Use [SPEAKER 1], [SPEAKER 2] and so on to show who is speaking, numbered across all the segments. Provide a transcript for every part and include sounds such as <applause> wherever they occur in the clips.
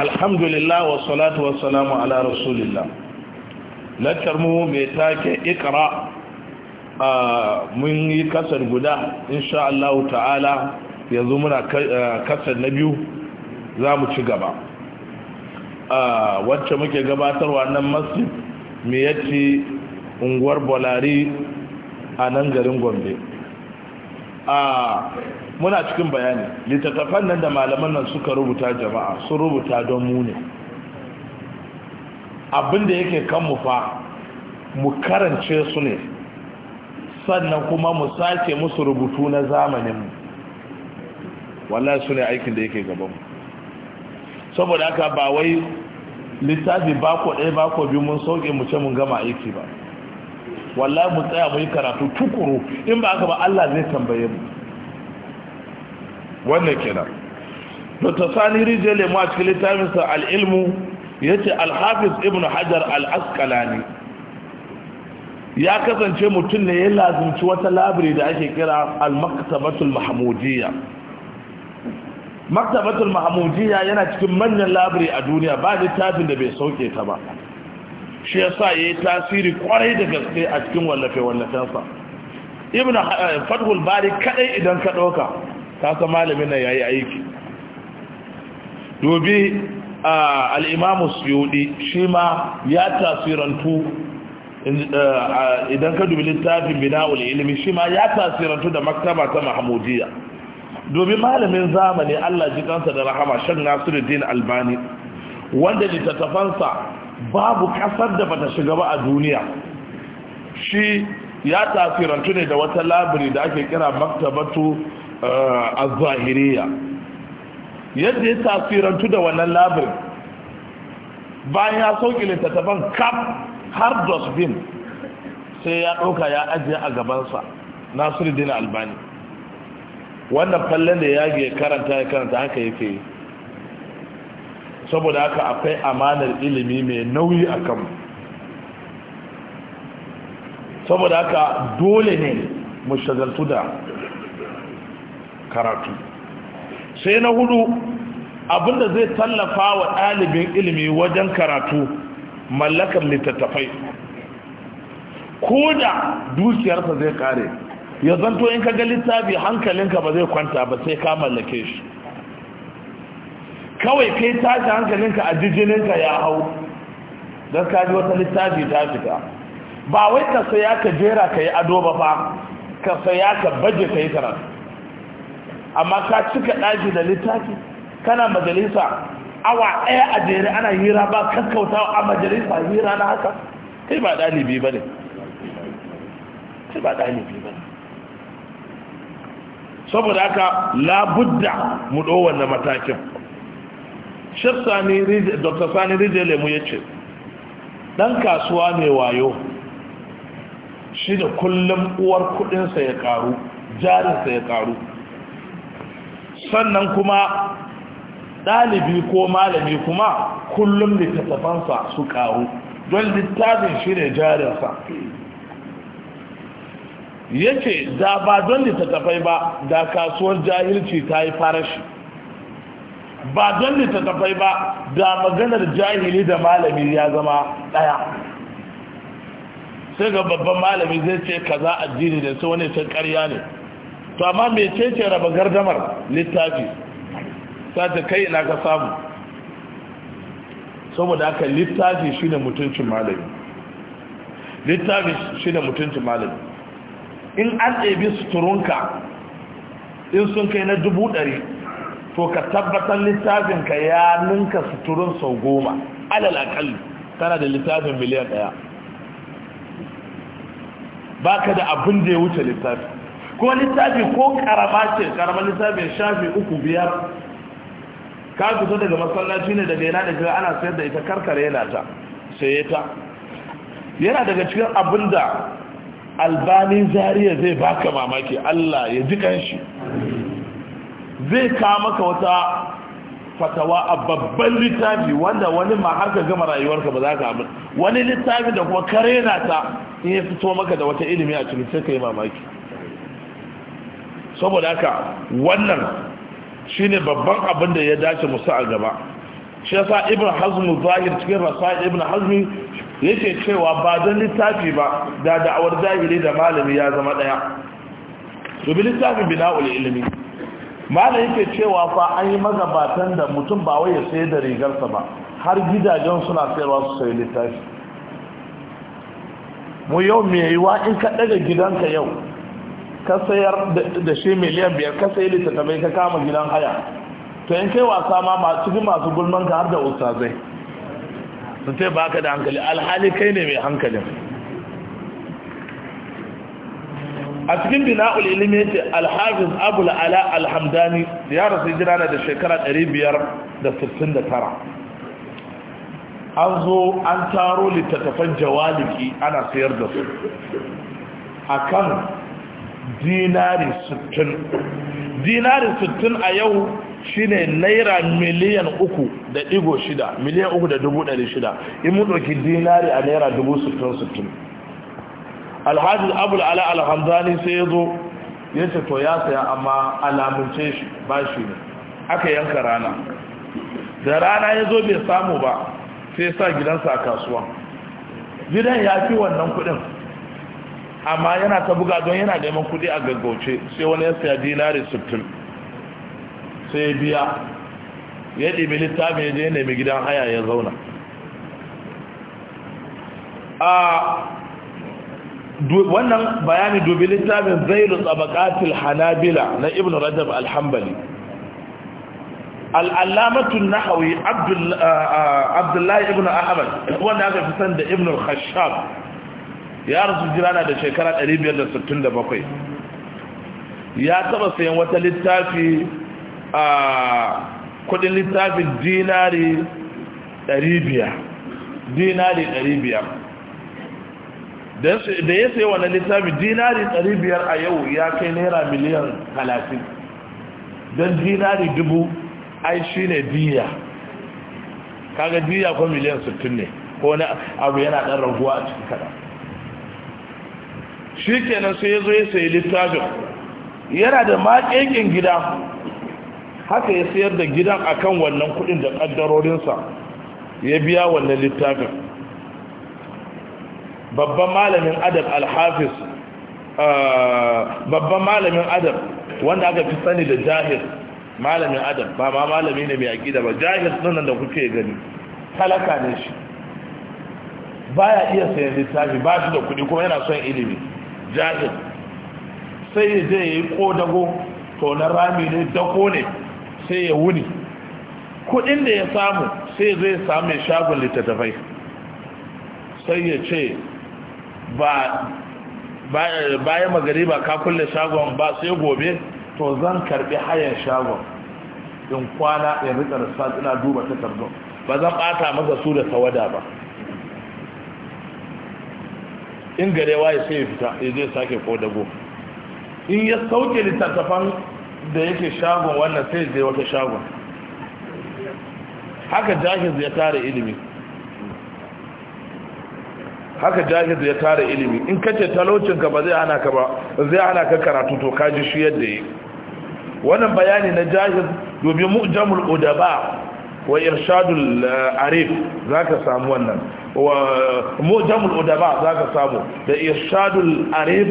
[SPEAKER 1] alhamdulillah wa salatu wa salamu ala rasulillah lantar mu mai take ikra mun yi kasar guda insha Allah ta'ala yanzu muna kasar na biyu za mu ci gaba a wacce muke gabatarwa nan masjid me yaci unguwar bolari a nan garin gombe a muna cikin bayani littattafan nan da malaman nan suka rubuta jama'a sun rubuta don mu ne abinda yake kanmu fa mu karance su ne sannan kuma mu sake musu rubutu na zamaninmu wallahi su ne aikin da yake gabanmu saboda haka ba wai littafi bako ɗaya bako biyu mun sauke mu ce mun gama aiki ba wallahi mu tsaya mu yi karatu tukuru in ba aka ba Allah zai tambaye mu wannan kenan dr sani rijiyar lemu a cikin littafinsa al'ilmu ya ce alhafiz ibn hajar al-Askalani ya kasance mutum ne ya lazimci wata labiri da ake kira al-maktabatul mahmudiyya maktabatul mahmudiyya yana cikin manyan labiri a duniya ba littafin da bai sauke ta ba shi ya yayi tasiri kwarai da gaske a cikin wallafe wallafensa ibn eh, fathul bari kadai idan ka ɗauka. kaka malamin nan yayi aiki dobi al'imamu suyudi shi ma ya tasirantu idan ka dubi littafin bina'ul ilimi shi ma ya tasirantu da maktaba ta mahamudiya domin malamin zamani allah ji kansa da rahama shan nasiruddin albani wanda littattafansa babu kasar da bata shiga ba a duniya shi ya tasirantu ne da wata labiri da ake kira maktabatu azahiriya yadda ya tasirantu da wannan labirin bayan ya sauƙi littattafan kaf har dosbin sai ya ɗauka ya ajiye a gabansa dina albani wannan fallon da ya karanta ya karanta haka yake yi saboda haka akwai amanar ilimi mai nauyi a kanmu saboda haka dole ne mu shagaltu da karatu sai na hudu abinda zai tallafa wa ɗalibin ilimi wajen karatu mallakar littattafai ko da dukiyarsa zai kare ya zanto in ka ga littafi hankalinka ba zai kwanta ba sai ka mallake shi kawai kai tashi hankalinka a jijininka ya hau don ka ji wata littafi ta fita ba wai ka saya ka jera ka yi ado ba fa ka saya ka baje ka yi karatu amma ka cika ɗaki da littafi kana majalisa
[SPEAKER 2] awa ɗaya a jere
[SPEAKER 1] ana hira ba kankauta a majalisa hira na haka kai ba ɗalibi ba ne saboda haka labudda mu ɗowar wannan matakin shek sani dr sani rijele mu ya ce ɗan kasuwa mai wayo shi da kullum uwar kuɗinsa ya ƙaru jarinsa ya ƙaru sannan kuma ɗalibi ko malami kuma kullum littattafansa su ƙaru don littafin shi ne jarinsa yake da ba don littattafai ba da kasuwar jahilci ta yi farashi ba don littattafai ba da maganar jahili da malami ya zama ɗaya sai ga babban malami zai ce kaza addini da sai wani sai ƙarya ne to amma cece raba gardamar littafi sace kai ina ka samu saboda aka littafi ne mutuncin malami littafi ne mutuncin malami in an ɗabi suturunka in sun kai na dubu ɗari to ka tabbatar littafinka ya ninka suturun sau goma alal akalli tana da littafin miliyan ɗaya ba ka da abin da ya wuce littafi ko littafi ko karama ce karama littafin shafi uku biyar ka fito daga masallaci ne daga yana daga ana sayar da ita karkare yana ta saye ta yana daga cikin abin da albani zariya zai baka mamaki allah ya ji kanshi zai kawo maka wata fatawa a babban littafi wanda wani ma har ka gama rayuwarka ba za ka abin wani littafi da kuma kare na ta in ya fito maka da wata ilimi a cikin sai ka yi mamaki saboda haka wannan shi ne babban abin da ya dace musu a gaba shi yasa ibn hazmi zahir cikin rasa ibn hazmi yake cewa ba don littafi ba da da'awar zahiri da malami ya zama daya to bi littafin bina'ul ilmi malami yake cewa fa an yi magabatan da mutum ba wai ya sayar da rigarsa ba har gidajen suna sayarwa su sayi littafi mu yau me yiwa in ka ɗaga gidanka yau ka sayar da shi miliyan biyar ka sayi littattafai ka kama gidan haya to in kai wasa ma cikin masu gulman ka har da ustazai su ce ba ka da hankali alhali kai ne mai hankalin a cikin bina ilimi ya ce alhafiz abul ala alhamdani ya rasu jira na da shekara 569 an zo an taro littattafan jawaliki ana sayar da su a kan dinari sittin a yau shine naira miliyan uku da digo shida miliyan uku da dubu ɗari shida in mu ɗauki dinari a naira dubu sittin sittin alhaji abul ala alhamdani sai ya zo ya ce to ya saya amma alamunce shi ba shi ne aka yanka rana da rana ya zo bai samu ba sai sa gidansa a kasuwa gidan ya fi wannan kuɗin amma yana ta buga don yana neman kudi a gaggauce sai wani ya saya dinari sittin sai biya ya ɗibi littafin ya je ya nemi gidan haya ya zauna a wannan bayani dubi littafin zairu tsabakatil hanabila na ibn rajab alhambali al'alamatun Hauyi abdullahi ibn ahmad wanda aka fi san da ibn khashab ya rasu jira na da shekara 567 ya taba sayan wata littafi a kudin littafin dinari 500 dinari 500 da ya sayi wani littafi dinari 500 a yau ya kai naira miliyan 30 don dinari dubu ai shi ne diya kaga diya ko miliyan 60 ne ko wani abu yana dan raguwa a cikin kada shi kenan sai ya zo ya sayi littafin yana da maƙeƙin gida haka ya sayar da gidan akan wannan kuɗin da ƙaddarorinsa ya biya wannan littafin babban malamin adab alhafis babban malamin adab wanda aka fi sani da jahil malamin adab ba ma malami ne mai aƙida ba jahil ɗin da kuke gani talaka ne shi baya iya sayan littafi ba shi da kuɗi kuma yana son ilimi jahil sai ya je ya yi kodago to na rami ne dako ne sai ya wuni kudin da ya samu sai zai sami shagon littattafai sai ya ce ba bayan ba ka kulle shagon ba sai gobe to zan karbi hayan shagon in kwana in rika da duba duba takardu ba zan bata masa su da tawada ba in gare ya sai ya fita ya zai sake kodago in ya sauke littattafan da yake shagon wannan sai zai wata shagon haka jahiz ya tara ilimi haka jahiz ya tara ilimi in kace talaucinka ba zai hana ka ba zai hana ka karatu to kaji shi yadda yi wannan bayani na jahiz domin mu'jamul udaba wa irshadul arif zaka samu wannan wa mujamul udaba za ka samu da irshadul arif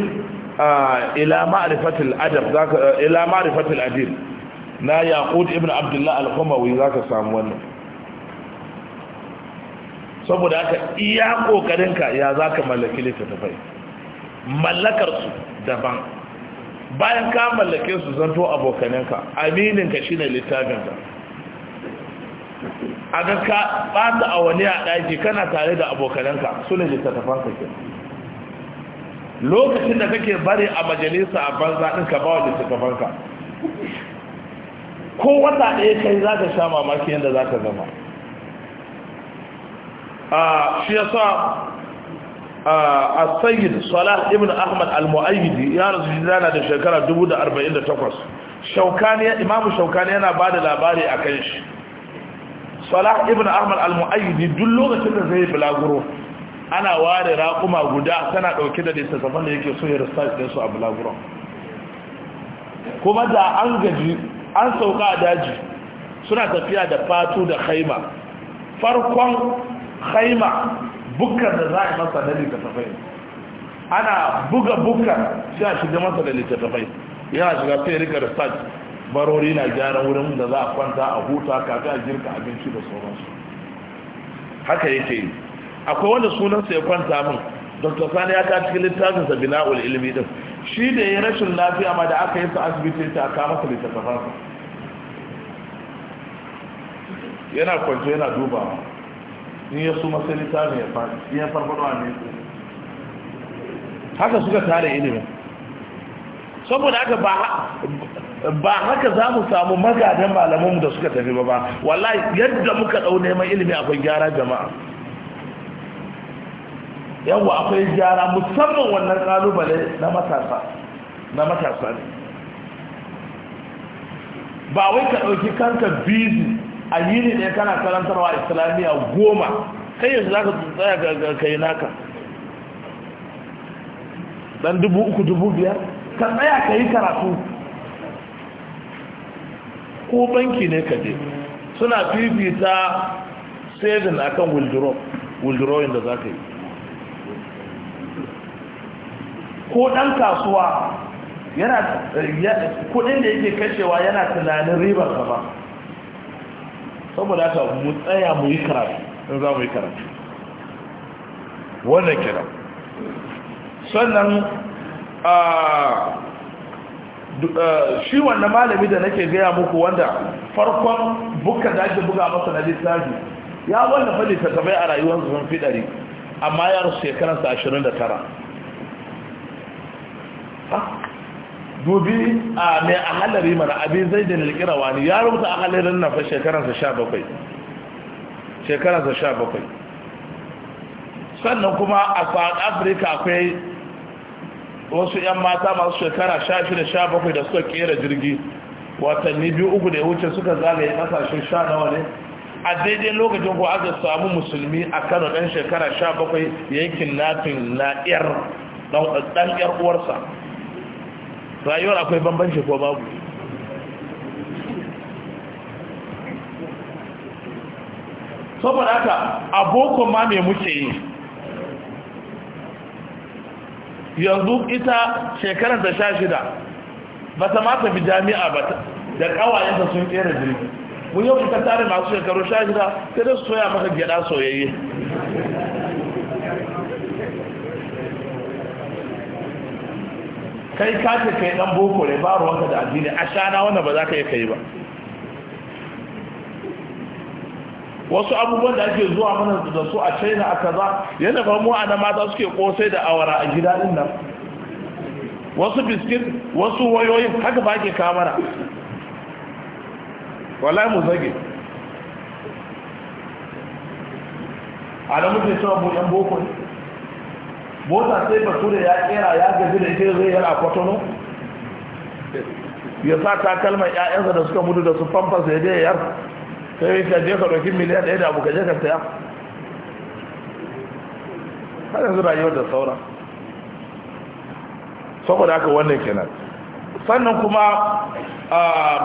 [SPEAKER 1] ila ma'rifatil adab zaka ila ma'rifatil adib na yaqut ibn abdullah al-qumawi za ka samu wannan saboda haka iya ka ya za ka mallaki mallakar mallakarsu daban bayan ka mallake su zanto abokaninka amininka shine ka a ga ka ɓata wani a ɗaki kana tare da abokananka su ne littattafan ka ke lokacin da kake bari a majalisa a banza ɗin ka ba wa littattafan ka ko wata ɗaya kai za ka sha mamaki yadda za ka zama a shi ya sa a sayyid salah ibn ahmad al-mu'ayyidi ya rasu shi zana da shekara 48 shaukani imamu shaukani yana ba da labari a kan shi salah ibn ahmad al-mu'ayyidi duk lokacin da zai bulaguro ana ware raƙuma guda tana ɗauke da littattafan da yake so ya research din su a bulaguro kuma da an gaji an sauka a daji suna tafiya da fatu da haima farkon haima bukkar da za a masa da littattafai ana buga bukkar sai a shiga masa da littattafai yana shiga sai rika research barori na gyara wurin da za a kwanta a huta kafin a girka abinci da sauransu haka yake yi akwai wanda sunansa ya kwanta min dr sani ya ta cikin littafin sa bina'ul ilmi din shi da ya rashin lafiya ma da aka yi sa asibiti ta ka masa littattafansa yana kwance yana dubawa in ya suma sai littafin ya faɗi in ya farfaɗo a ne haka suka tare ilimin saboda haka ba ba haka za mu samu magadan malamanmu da suka tafi ba ba wallahi yadda muka dau neman ilimi akwai gyara jama'a yawa akwai gyara musamman wannan kalubale na matasa na matasa ne ba wai ka ɗauki kanka bizi a yini ne kana karantarwa islamiyya goma kai yanzu za ka tsaya ga kai naka Dan dubu uku dubu biyar ka tsaya ka yi karatu ko banki ne ka je suna fifita saving akan withdrawing da za ka yi ko ɗan kasuwa yana kudin da yake kashewa yana tunanin ribar ka ba saboda haka mu tsaya mu yi karatu in za mu yi karatu wannan kira sannan a ah, Eh, shi wannan malami da nake gaya muku wanda farkon buka da ake buga masa na littafi ya wanda ta littattafai a rayuwar sun fi ɗari amma ya rasu sa ashirin da tara dubi a mai a yi mana abin zai da nilkira wani ya rubuta a yi na fa sa sha bakwai shekarar sa sha bakwai sannan kuma a south africa akwai wasu 'yan mata masu shekara sha shida sha bakwai da suka kera jirgi watanni biyu uku da ya wuce suka zagaye kasashen sha nawa ne a daidai lokacin ko aka samu musulmi a kano ɗan shekara sha bakwai yankin na kinnafin na ɗan ɗiyar uwarsa rayuwar akwai bambanci ko babu saboda haka abokan ma mai muke yi yanzu ita shekarar da sha shida ba ta mata bi jami'a ba da ƙawayenta sun kera jirgi mun yau ita tare masu shekaru sha shida sai da su soya maka gyada soyayye
[SPEAKER 3] kai kace kai dan boko ne ba ruwanka da addini a
[SPEAKER 1] shana wanda ba za ka yi kai ba wasu abubuwan da ake zuwa mana da su a china a kaza yana ba mu ana mata suke kosai da awara a gida din nan wasu biskit wasu wayoyin haka ba ke kamara wallahi mu zage a da muke cewa mu yan boko ne mota sai bature ya kera ya gaji da ita zai yara kwatano ya sa takalman 'ya'yansa da suka mutu da su famfasa ya je yar sai ka kaje ka dokin miliyan ɗaya da abu ka je ka saya har yanzu rayuwar da saura saboda haka wannan kenan sannan kuma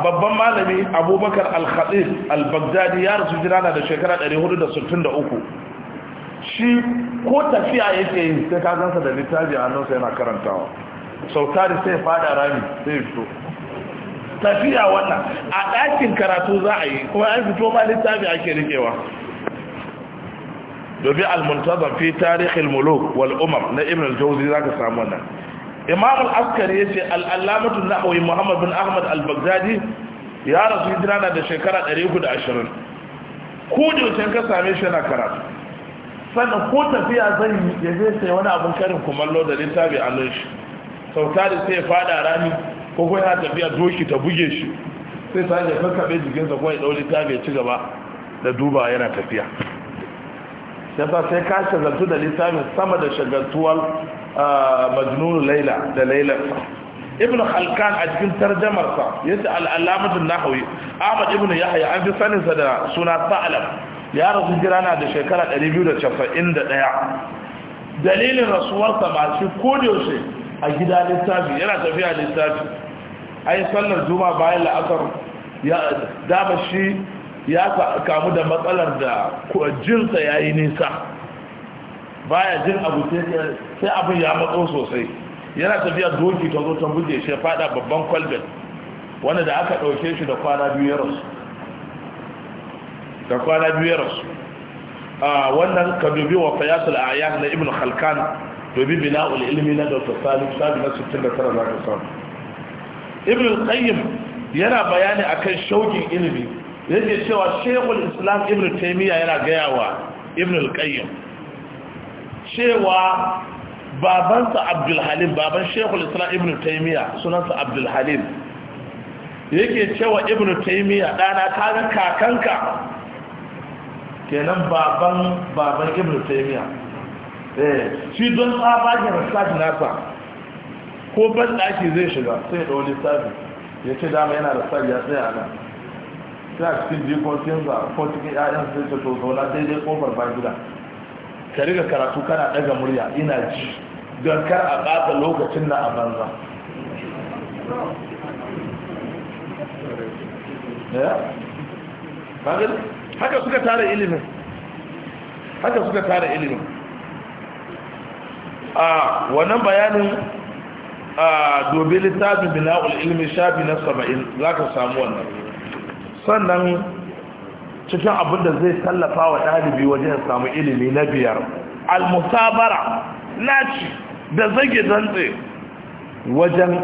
[SPEAKER 1] babban malami abubakar al-khadir al-baghdadi ya rasu jirana da shekara 463 shi ko tafiya yake yi sai ka da littafi a hannunsa yana karantawa sau tari sai fada rami sai fito tafiya wannan a ɗakin karatu za a yi kuma an fito ma littafi ake rikewa dobi al-muntazam fi tarihil muluk wal umam na ibn al-jawzi zaka samu wannan imam al-askari yace al-allamatu nahwi muhammad bin ahmad al-baghdadi ya rasu hijira da shekara 320 ku da yace ka same shi yana karatu sannan ko tafiya zai yi ya je sai wani abun karin kumallo da littafi a nan shi sauta sai fada rami ko yana tafiya doki ta buge shi sai ta ya kakkaɓe jikinsa kuma ya ɗauri ta bai ci gaba da duba yana tafiya yasa sai ka shagaltu da littafin sama da shagaltuwar majnun laila da lailarsa ibn halkan a cikin tarjamarsa ya ce na nahawi ahmad ibn yahya an fi saninsa da suna sa'alam ya rasu jira na da shekara 291 dalilin rasuwarsa ba shi a gida littafi yana tafiya littafi ai sallar juma bayan la'asar ya dama shi ya kamu da matsalar da jinsa ya yi nisa baya jin abu sai abin ya matso sosai yana tafiya doki ta zo ta buge shi fada babban kwalbin wanda da aka ɗauke shi da kwana biyu ya rasu da kwana biyu ya rasu wannan Kadubi dubi wa fayatul ayyan na ibn khalkan dubi bina'ul ilmi na dr salim Salim na 69 za ka samu ibn al-qayyim yana bayani akan shaukin ilimi yake cewa shaykhul islam ibn taymiya yana gaya wa ibn al-qayyim cewa babansa abdul halim baban shaykhul islam ibn taymiya sunansa abdul halim yake cewa ibn taymiya dana ga kakanka kenan baban baban ibn taymiya eh shi don tsabagen sat nasa ko ban zai shiga sai da wani lissafi ya ce dama yana da tsari ya tsaya nan sai a cikin jikokin za ko cikin ƴaƴan sai ta tozo zauna daidai kofar ba gida ka riga karatu kana ɗaga murya ina ji don kar a ɓata lokacin na a banza haka suka tara ilimin haka suka tara ilimin a wannan bayanin a dobe littafin bina'ul ilmi shafi na saba'in za ka samu wannan sannan cikin abin da zai tallafa wa ɗalibi wajen samu ilimi na biyar almusabara naci da zage dantse wajen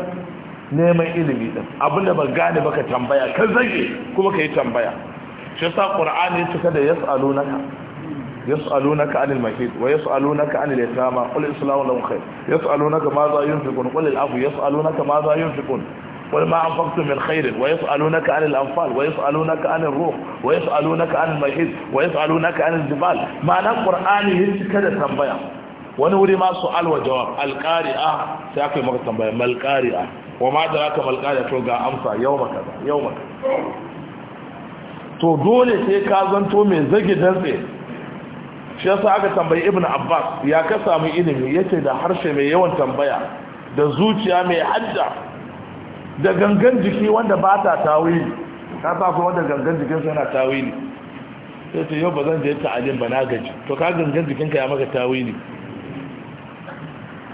[SPEAKER 1] neman ilimi ɗin. abin da ba gane baka tambaya ka zage kuma ka yi tambaya shi sa ƙur'ani cika da naka. يسألونك عن المحيط ويسألونك عن اليتامى قل الإسلام لهم خير يسألونك ماذا ينفقون قل العفو يسألونك ماذا ينفقون قل ما أنفقتم من خير ويسألونك عن الأنفال ويسألونك عن الروح ويسألونك عن المحيط ويسألونك عن الجبال معنى القرآن يجب كده تنبيه wani wuri ma su'al wa jawab alqari'a sai aka yi maka tambaya mal qari'a wa ma daraka mal qari'a to ga amsa yawma kaza yawma to dole sai ka zanto mai zagi dantse shi yasa aka tambayi ibn abbas ya ka samu ilimi yace da harshe mai yawan tambaya da zuciya mai hadda da gangan jiki wanda ba ta tawili ka sa kuma wanda gangan sa yana tawili sai ce yau ba zan je ta'alim ba na gaji to ka gangan jikinka ya maka tawili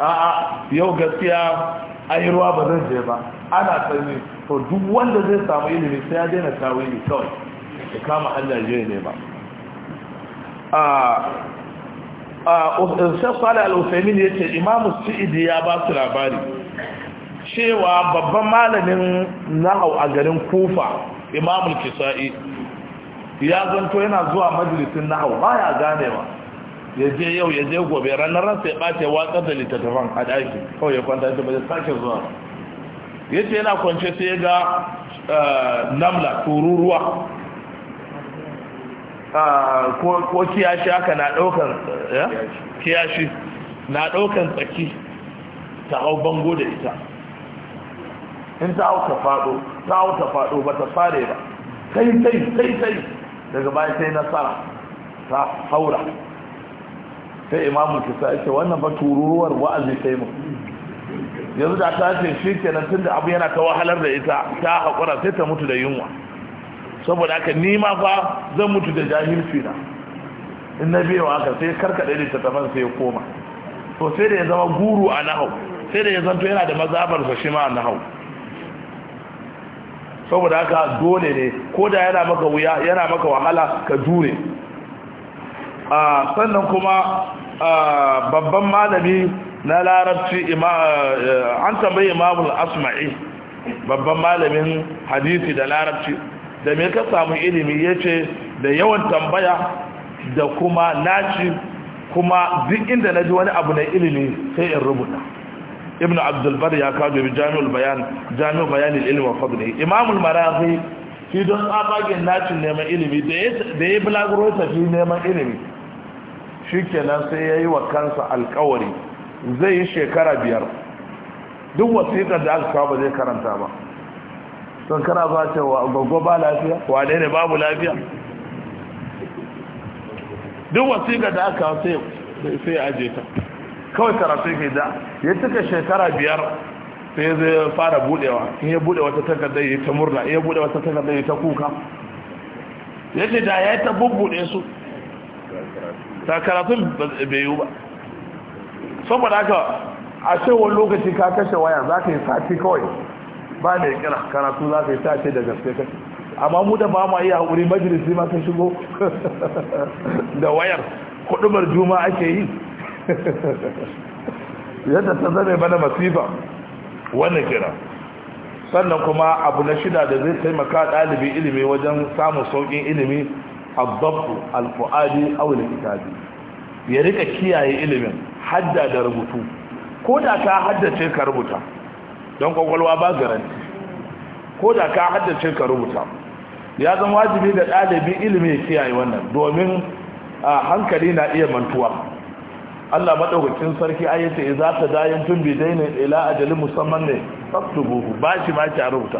[SPEAKER 1] a'a yau gaskiya ai ruwa ba zan je ba ana sani to duk wanda zai samu ilimi sai ya daina tawili kawai ya kama Allah je ne ba Shafsali al'Usaimin ya ce imamu Sa'idi ya ba su labari cewa babban malamin nahau a garin kufa imamul kisa'i ya zanto yana zuwa majalisin nahau ba ya gane ba ya je yau ya je gobe ranar ransa ya ɓace watsar da littattafan a ɗaki kawai ya kwanta ta ba sake zuwa ya ce yana kwanci sai ya ga eh, namla tururuwa ko kiyashi aka na ɗaukan kiyashi na daukan tsaki ta hau bango da ita in ta hau ta fado ta hau ta fado ba ta fare ba kai kai kai kai daga baya sai nasara ta haura sai imamu ki ya ce wannan ba tururuwar wa'azi sai mu yanzu da ta ce shi kenan tun da abu yana ta wahalar da ita ta haƙura sai ta mutu da yunwa saboda aka ni ma fa zan mutu da jahilci na in na biyo haka sai karkade littattafan sai ya koma to sai da ya zama guru a nahau sai da ya zanto yana da mazabar sa shi ma a nahau saboda haka dole ne ko da yana maka wuya yana maka wahala ka jure a sannan kuma babban malami na larabci an tambayi imamul asma'i babban malamin hadisi da larabci da me ka samu ilimi yace da yawan tambaya da kuma naci kuma duk inda naji wani abu na ilimi sai in rubuta ibnu Abdulbar ya kawo bi jami'ul bayan jami'ul bayan al-ilm wa shi don tsabagen nacin neman ilimi da ya bulaguro fi neman ilimi shi kenan sai ya yi wa kansa alkawari zai yi shekara biyar duk wasiƙar da aka kawo ba zai karanta ba don kana ba wa gwaggo ba lafiya wane ne babu lafiya duk wasiƙa da aka sai aje ta kawai karatu ke da ya cika shekara biyar sai zai fara budewa in ya bude wata takardar ya ta murna in ya bude wata takardar ya ta kuka ya ce da ya yi ta bubbuɗe su ta karatu bai yi ba saboda haka a cewar lokaci ka kashe waya za ka yi sati kawai ba kira karatu za ka yi ta ce da gaske kake amma mu da ba ma iya haƙuri majalisi ma ka shigo <laughs> da wayar kuɗumar juma ake yi <laughs> yadda ta zame mana masifa wannan kira sannan kuma abu na shida da zai taimaka ɗalibi ilimi wajen samun sauƙin ilimi abdabtu alfu'adi aw alkitabi ya rika kiyaye ilimin hadda da rubutu ko da ka haddace ka rubuta don kwakwalwa ba garanti ko da ka haddace ka rubuta ya zama wajibi da ɗalibi ilimi ya kiyaye wannan domin a hankali na iya mantuwa Allah madaukakin sarki ayyata za ta dayan tun daina ila ajali musamman ne faktubuhu ba shi ma ki a rubuta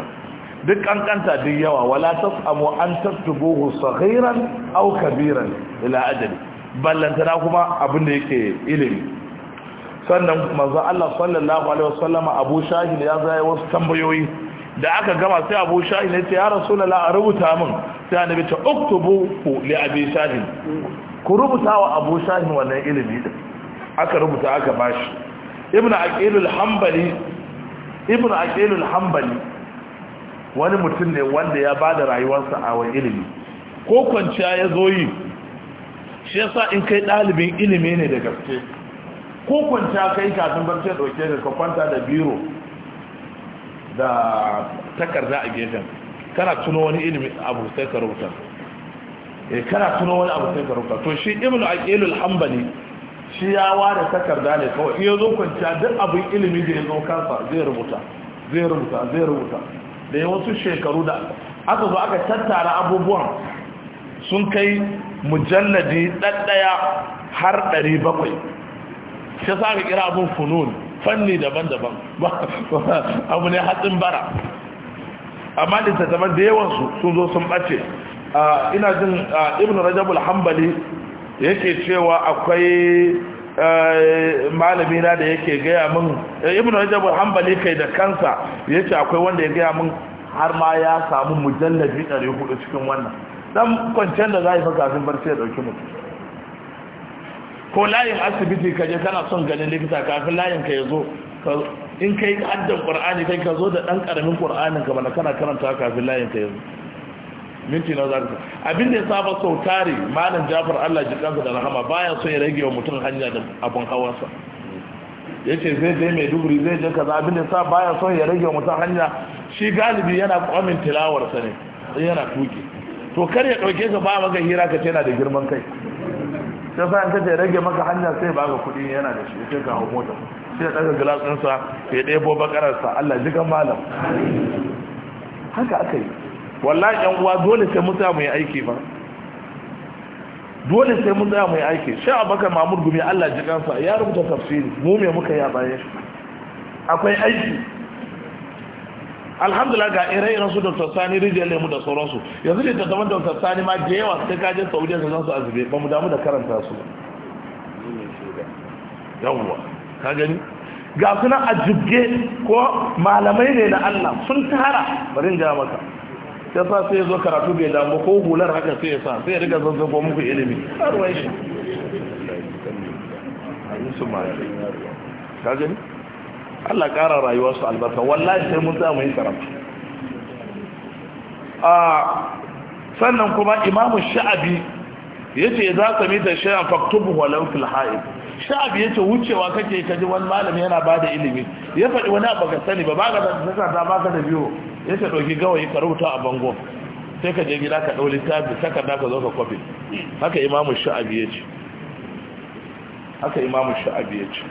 [SPEAKER 1] duk kankanta duk yawa wala tasamu an tattubuhu saghiran aw kabiran ila ajali ballantana kuma abin da yake ilimi sannan manzo Allah sallallahu alaihi wasallama Abu Shahid ya zai wasu tambayoyi da aka gama sai Abu Shahid ya ce ya Rasulullah a rubuta min sai annabi ta uktubu li Abi Shahid ku rubuta wa Abu Shahid wannan ilimi din aka rubuta aka bashi Ibn Aqil al-Hanbali Ibn Aqil al-Hanbali wani mutum ne wanda ya bada rayuwarsa a wani ilimi ko kwanciya ya zo yi shi yasa in kai ɗalibin ilimi ne da gaske ko kwanta kai kafin barci ɗauke da ka kwanta da biro da takarda a gefen kana tuno wani ilimin abu sai ka rubuta eh kana tuno wani abu sai ka rubuta to shi ibnu aqilul hanbali shi ya ware takarda ne ko iya zo kwanciya duk abin ilimi da ya kansa zai rubuta zai rubuta zai rubuta da ya wasu shekaru da aka zo aka tattara abubuwan sun kai mujalladi ɗaɗɗaya har ɗari bakwai shi sa ka kira abin funun fanni daban-daban abu ne hatsin bara amma littattafan da yawansu sun zo sun ɓace ina jin ibn rajabul hambali yake cewa akwai malamina da yake gaya min eh, ibn rajabul hambali kai da kansa yace akwai wanda ya gaya min har ma ya samu mujallabi 400 cikin wannan dan kwanciyar da za a yi fa barci ya dauki mutum ko layin asibiti ka je kana son ganin likita kafin layin ka ya zo in kai addan qur'ani kai ka zo da dan karamin qur'anin ka bana kana karanta kafin layin ka ya zo minti na zaka abin da ya saba sau tare malam Jafar Allah ji kansa da rahama baya so ya rage wa mutum hanya da abun hawansa yace zai je mai duburi zai je kaza abin da ya saba baya so ya rage wa mutum hanya shi galibi yana kwamin sa ne yana tuki to kar ya dauke ka ba maka hira ka ce yana da girman kai ta sa in kace rage maka hanya sai ba ga kuɗi yana da shi sai ka hau mota sai ya daga glass din sa ya ɗebo bakarar sa Allah jikan malam haka aka yi wallahi yan uwa dole sai mun mu yi aiki ba dole sai mun tsaya mu yi aiki sha abakar mamur gumi Allah ji sa ya rubuta tafsiri mu me muka yi a bayan akwai aiki alhamdulillah ga ire-iren su dr sani rijiyar lemu da sauransu yanzu ne zama dr sani ma da yawa sai kaje saudiya su zansu azube ba mu damu da karanta su yawwa ka gani ga suna a jibge ko malamai ne na allah sun tara bari ga maka ya sa sai ya zo karatu bai damu ko hular haka sai ya sa sai ya riga zazzago muku ilimi ka gani Allah ƙara rayuwarsu albarka wallahi sai mun mu yi karatu sannan kuma imamu sha'abi ya ce za ka mita shayan faktubu walau fil ha'ib sha'abi ya ce wucewa kake ka ji wani malami yana ba da ilimi ya faɗi wani abu ka sani ba ba ka da ba ka da biyo ya ce ɗauki gawayi ka rubuta a bango sai ka je gida ka ɗau littafi takarda ka zo ka kwafi haka imamu sha'abi ya ce haka imamu sha'abi ya ce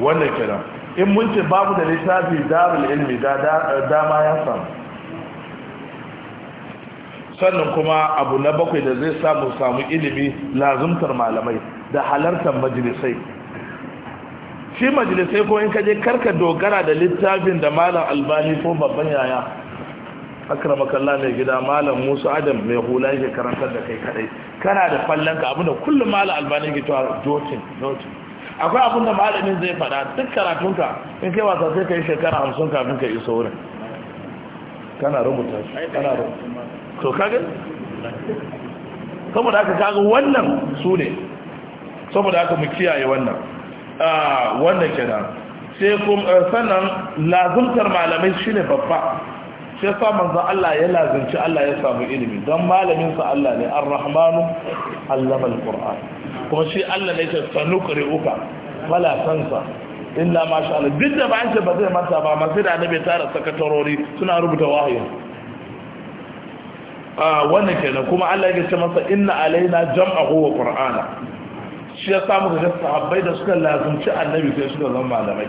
[SPEAKER 1] wannan kenan in mun ce babu da littafi darul ilmi da dama ya samu sannan kuma abu na bakwai da zai samu samu ilimi lazumtar malamai da halartar majalisai shi majalisai ko in ka je karka dogara da littafin da malam albani ko babban yaya akramakallah mai gida malam musa adam mai hula yake karantar da kai kadai kana da fallanka ka abinda kullum malam albani ke cewa jotin jotin akwai abin da malamin zai faɗa duk karatunka in kai wasa sai ka yi shekara hamsin kafin ka iso wurin kana rubuta shi kana rubuta to kage saboda haka kaga wannan su ne saboda haka mu kiyaye wannan ah, wannan kenan sai kuma eh, sannan lazumtar malamai shine babba sai sa manzo Allah ya lazumci Allah ya samu ilimi dan malamin sa Allah ne ar-rahmanu allama al-qur'an kuma shi Allah ne ce sanukuri uka wala sansa illa ma sha Allah duk da ba an ce ba zai manta ba amma sai da annabi tara sakatarori suna rubuta wahayi ah wannan kenan kuma Allah ya ce masa inna alaina jam'ahu wa qur'ana shi ya samu ga sahabbai da suka lazumci annabi sai suka zama malamai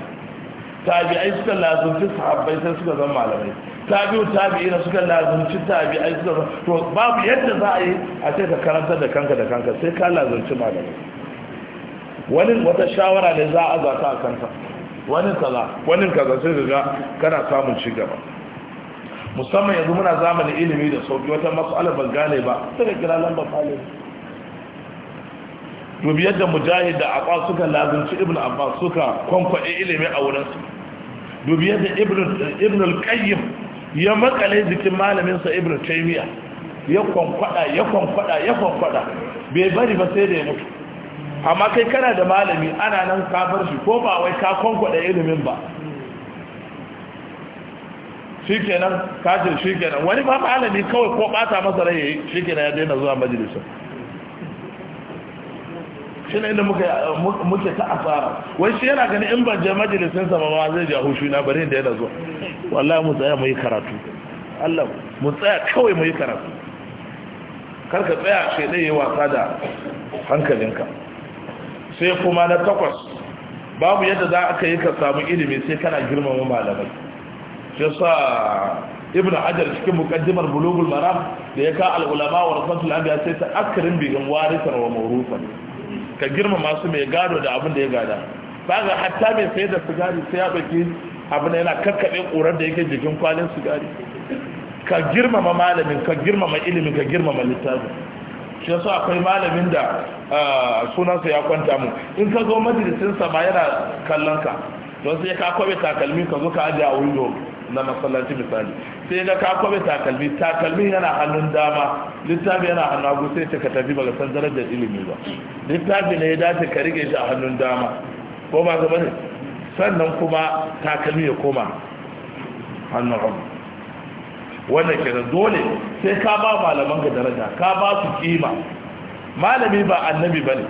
[SPEAKER 1] tabi'ai suka lazumci sahabbai sai suka zama malamai tabi'u tabi'ina suka lazumci tabi'ai suka zama to babu yadda za a yi a ce ka karanta da kanka da kanka sai ka lazumci malamai wani wata shawara ne za a zata a kanta wani kaza wani kaza sai ga kana samun ci gaba musamman yanzu muna zamanin ilimi da sauki wata mas'ala ban gane ba sai ka kira lambar malami dubi yadda mujahid da abba suka lazunci ibn abba suka kwankwaɗe ilimi a wurinsu dubi yadda ibn al-qayyim ya makale jikin malaminsa ibn taymiya ya kwankwada ya kwankwada ya kwankwada bai bari ba sai da ya mutu amma kai kana da malami ana nan ka bar shi ko ba wai ka kwankwada ilimin ba shikenan ka ce shikenan wani ba malami kawai ko bata masa rai shikenan ya daina zuwa majalisar shi ne inda muke ta asara wai shi yana gani in ban je majalisin sa ba zai ja hushu na bari da yana zuwa wallahi mu tsaya mu yi karatu Allah mu tsaya kawai mu yi karatu kar ka tsaya shi dai yayi wasa da hankalinka sai kuma na takwas babu yadda za aka yi ka samu ilimi sai kana girmama malamai shi yasa ibn hajar cikin mukaddimar bulugul maram da ya ka al ulama wa rasul sai ta akrim bi gan warisan wa mawrusan ka girmama su mai gado da abin da ya gada ba ga hatta mai sayar da sigari sai ya ɗauki abin da yana karkaɗe ƙurar da yake jikin kwalin sigari ka girmama malamin ka girmama ilimin ka girmama littafin shi yasa akwai malamin da sunansa ya kwanta mu in ka zo majalisinsa ma yana kallon ka don sai ka kwabe takalmi ka zo ka ajiye a window na masallaci misali sai na ka kwabe takalmi takalmi yana hannun dama littafi yana hannun hagu sai ta ka tafi baka san darajar ilimi ba littafi ne ya dace ka rike shi a hannun dama ko ba ka bane sannan kuma takalmi ya koma hannun hagu wannan ke dole sai ka ba malaman ka daraja ka ba su kima malami ba annabi bane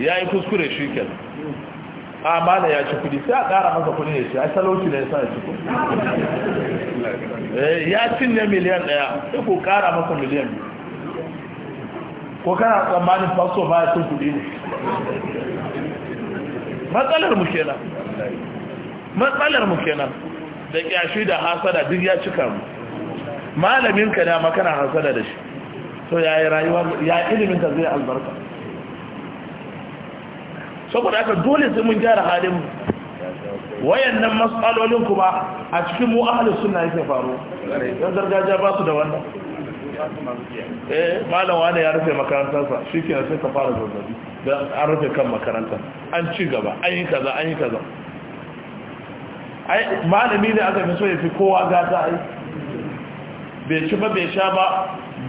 [SPEAKER 1] ya yi kuskure shi kenan amana ya ci kudi sai a ƙara masa kudi ne shi a talauci ne sa ci kudi eh, ya cinye miliyan ɗaya sai ku ƙara masa miliyan ko kana tsammanin faso ba ya cin kudi ne matsalar mu kenan matsalar mu kenan da ƙyashi da hasada duk ya cika mu malamin ka da makana hasada da shi to yayi rayuwa ya ilimin ka zai albarka saboda aka dole sai mun gyara halin mu
[SPEAKER 3] wayannan matsalolin kuma a cikin mu ahlus
[SPEAKER 1] sunna yake faru
[SPEAKER 3] dan gargajiya ba su da wannan
[SPEAKER 1] eh malam wani ya rufe makarantarsa ke sai ka fara zazzabi dan an rufe kan makaranta an ci gaba an yi kaza an yi kaza ai malami ne aka fi so ya fi kowa gata ai bai ci ba bai sha ba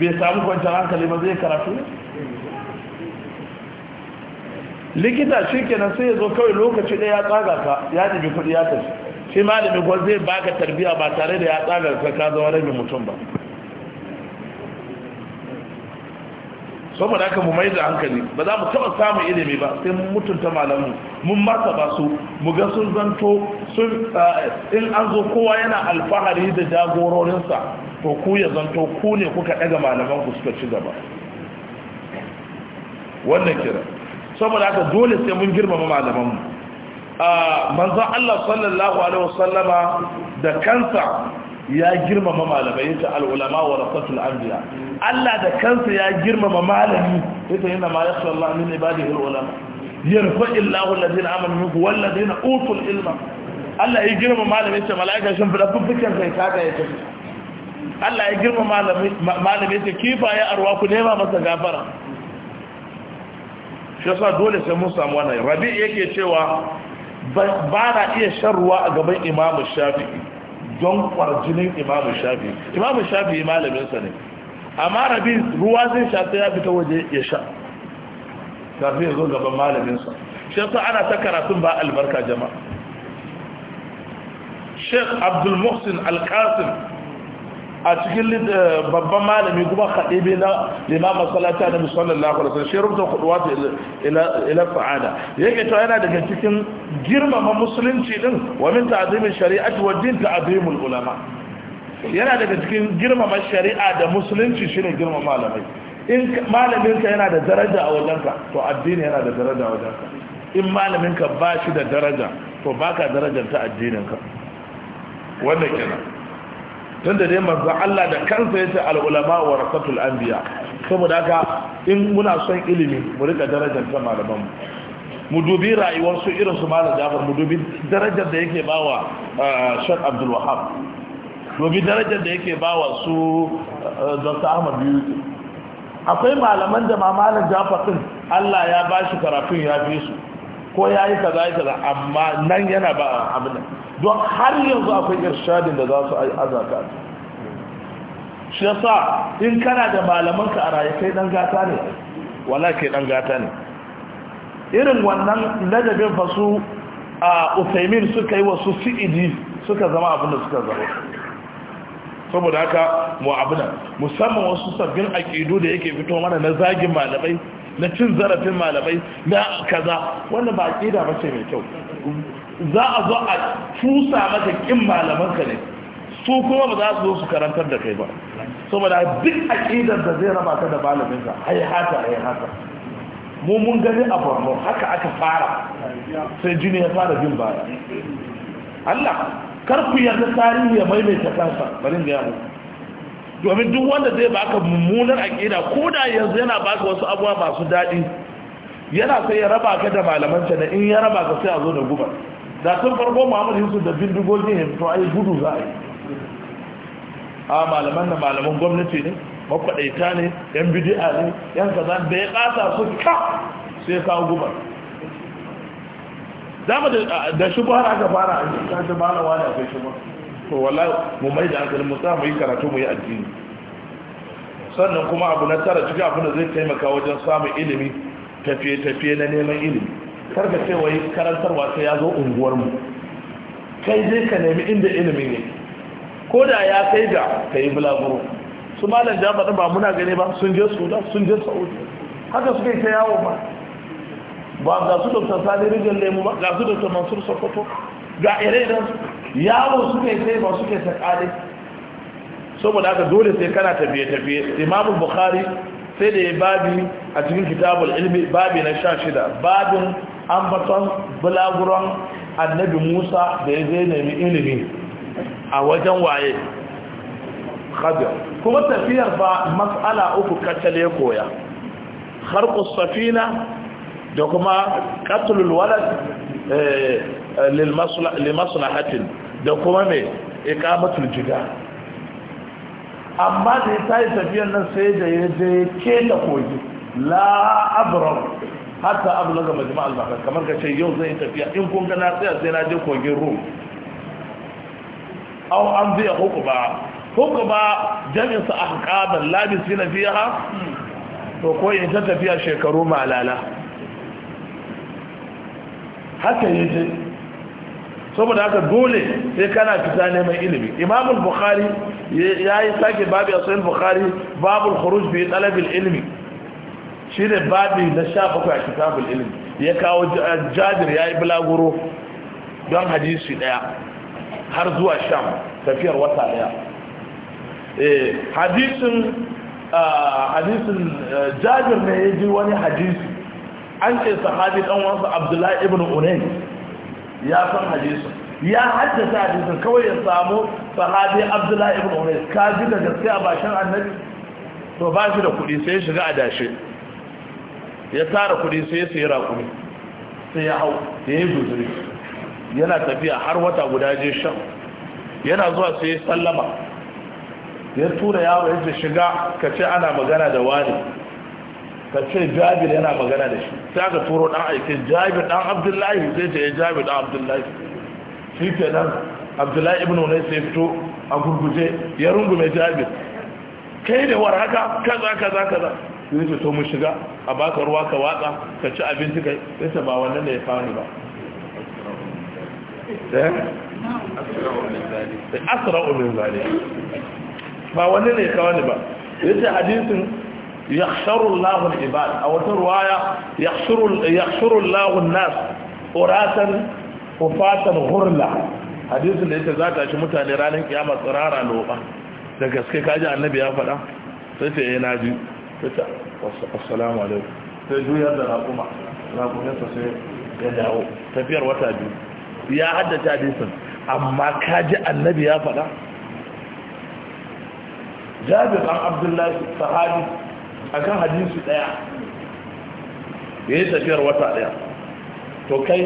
[SPEAKER 1] bai samu kwanciyar hankali ba zai karatu ne likita shi kenan sai ya zo kawai lokaci ɗaya ya tsaga ka ya ɗabi kuɗi ya tafi shi malami ko zai baka tarbiyya ba tare da ya tsaga ka ka zama rage mutum ba
[SPEAKER 3] saboda haka mu mai da hankali ba za mu taɓa samun
[SPEAKER 1] ilimi ba sai mun mutunta malamu mun masa ba su mu ga sun zanto sun eh, in an zo kowa yana alfahari da jagororinsa to ku ya zanto ku ne kuka ɗaga malaman ku suka ci gaba wannan kira saboda haka dole sai mun girmama malamanmu manzon Allah sallallahu alaihi wasallama da kansa ya girmama malamai yace al-ulama warasatul anbiya Allah da kansa ya girmama malami yace inna ma yasallahu min ibadihi al-ulama yarfa illahu alladhina amanu minkum walladhina utul ilma Allah ya girmama malami yace malaika shin fada fuffukan kai kaga yace Allah ya girmama malami malami yace kifaye arwa ku nema masa gafara shi dole sai mun samu wannan rabi yake cewa ba na iya shan ruwa a gaban imamu shafi'i don kwarjinin imamu shafi'i imamu shafi'i malaminsa ne amma rabi ruwa zai sha ta ya ta waje ya sha kafin ya zo gaban malaminsa shi yasa ana ta karatun ba albarka jama'a sheikh abdul muhsin al-qasim a cikin eh, babban malami kuma khadibi na limam masallata da sallallahu alaihi wasallam shi rubuta khudwat ila ila sa'ada yake to yana daga cikin girmama musulunci din wa min ta'zimi shari'ati wa din ta'zimul ulama yana daga cikin girmama shari'a da musulunci shine girmama malamai in malaminka yana da daraja a wajenka to addini yana da daraja a wajenka in malaminka ba shi da daraja to baka darajar ta addininka wannan kenan Tunda dai manzo Allah da kansa yace al-ulama wa rasatul anbiya saboda haka in muna son ilimi mu rika darajar ta malaman mu mu dubi rayuwar su irin su malam Jafar mu dubi darajar da yake bawa eh, Sheikh Abdul Wahhab dubi darajar da yake bawa su eh, Dr. Ahmad Yusuf akwai malaman da malam Jafar din Allah ya bashi karatun ya fi su ko yayi kaza kaza amma nan yana ba abin don har yanzu akwai irshadin da za su azaka shi yasa in kana da malamanka a raye kai dan gata ne wala kai dan gata ne irin wannan ladabin fasu a usaimin suka yi wasu si'idi suka zama abin da suka zama saboda haka mu nan musamman wasu sabbin aƙidu da yake fito mana na zagin malamai na cin zarafin malamai na kaza wannan ba aqida ba ce mai kyau za a zo a tusa mata kin malamanka ne su kuma ba za su zo su karantar da kai ba saboda duk aqidar da zai raba ta da malaminka hai hata hai hata mu mun gani a borno haka aka fara sai jini ya fara bin baya Allah kar ku yarda tarihi ya maimaita kansa bari ga mu domin duk wanda zai baka mummunar aqida ko da yanzu yana baka wasu abubuwa masu dadi, yana sai ya raba ka da malamanta da in ya raba ka sai a zo da gubar da tun farko muhammadu yusuf da bindigogin ya fito yi gudu za a yi a malaman da malaman gwamnati ne makwadaita ne yan bidi'a ne yan kaza da ya kasa su ka sai kawo gubar dama da shi ba aka fara a cikin kashin ba na wani akwai shi ba to wala mu mai da hankali mu mu yi karatu mu yi addini sannan kuma abu na tara cikin abu da zai taimaka wajen samun ilimi tafiye-tafiye na neman ilimi karka ce wai karantarwa sai ya zo unguwarmu kai zai ka nemi inda ilimin ne ko da ya kai ga ka yi bulaguro su malam jama'a ba muna gani ba sun je sudan sun je saudi haka su yi ta yawo ba ba ga su dokta sani rijin lemu ba ga su dokta mansur sokoto ga ire-iren yawo ta yi ba suka yi ta kare saboda haka dole sai kana tafiye-tafiye imamun bukhari sai da ya babi a cikin kitabul ilmi babi na sha shida babin An ambaton bulaguron annabi musa da ya zai nemi ilimi a wajen waye khadir kuma tafiyar ba matsala uku ya koya harkus safina da kuma katulul walad eh, hatin da kuma mai ikamatul jiga amma da ya tafiyar nan sai da ya je keta kogi la abrar hatta abu laga gama al-bahar kamar ka ce yau zai yi tafiya in kun ga na tsaya sai na je kogin rum au an biya hukuba hukuba jami'in sa ahqaban labis fina ha? to ko in ta tafiya shekaru malala haka yaje saboda haka dole sai kana fita neman ilimi imamul Bukhari ya yi sake babu sahih bukhari babu al-khuruj bi talab ilimi shi ne babi na sha bakwai a kitabul ilim ya kawo eh, jajir ya yi bulaguro don hadisi ɗaya har zuwa sham tafiyar wata ɗaya eh, hadisin ah, hadisin eh, ne ya ji wani hadisi an ce sahabi dan wasu abdullahi ibn unai ya san hadisin ya haddasa hadisin kawai ya samu sahabi abdullahi ibn unai ka ji da gaskiya bashin annabi to ba shi da kuɗi sai shiga dashe ya tara kuɗi sai ya sayi raƙumi sai ya hau ya yi guzuri yana tafiya har wata guda je shan yana zuwa sai ya sallama ya tura yawo ya shiga ka ce ana magana da wani ka ce jabir yana magana da shi sai aka turo dan aikin jabir dan abdullahi sai ce ya eh, jabir dan abdullahi shi ke nan abdullahi ibn wani sai fito a gurguje ya rungume jabir kai ne war haka kaza kaza kaza sai ce to mu shiga a baka ruwa ka watsa ka ci abinci ka yace ba wannan da ya kawo ni ba
[SPEAKER 3] asra'u min zalik
[SPEAKER 1] ba wannan ne ya kawo ni ba eh? yace hadisin yakhsharu Allahu al-ibad a wata ruwaya yakhsharu yakhsharu Allahu nas uratan ufatan hurla hadisin da yake ta shi mutane ranar kiyama tsirara loba da gaske kaji annabi ya faɗa sai ce yana eh, naji fita assalamu alaikum sai juyar da raƙuma raƙuminsa sai ya dawo tafiyar wata biyu ya haddace hadisin amma ka ji annabi ya faɗa jabir an abdullahi sahabi kan hadisi ɗaya ya yi tafiyar wata ɗaya to kai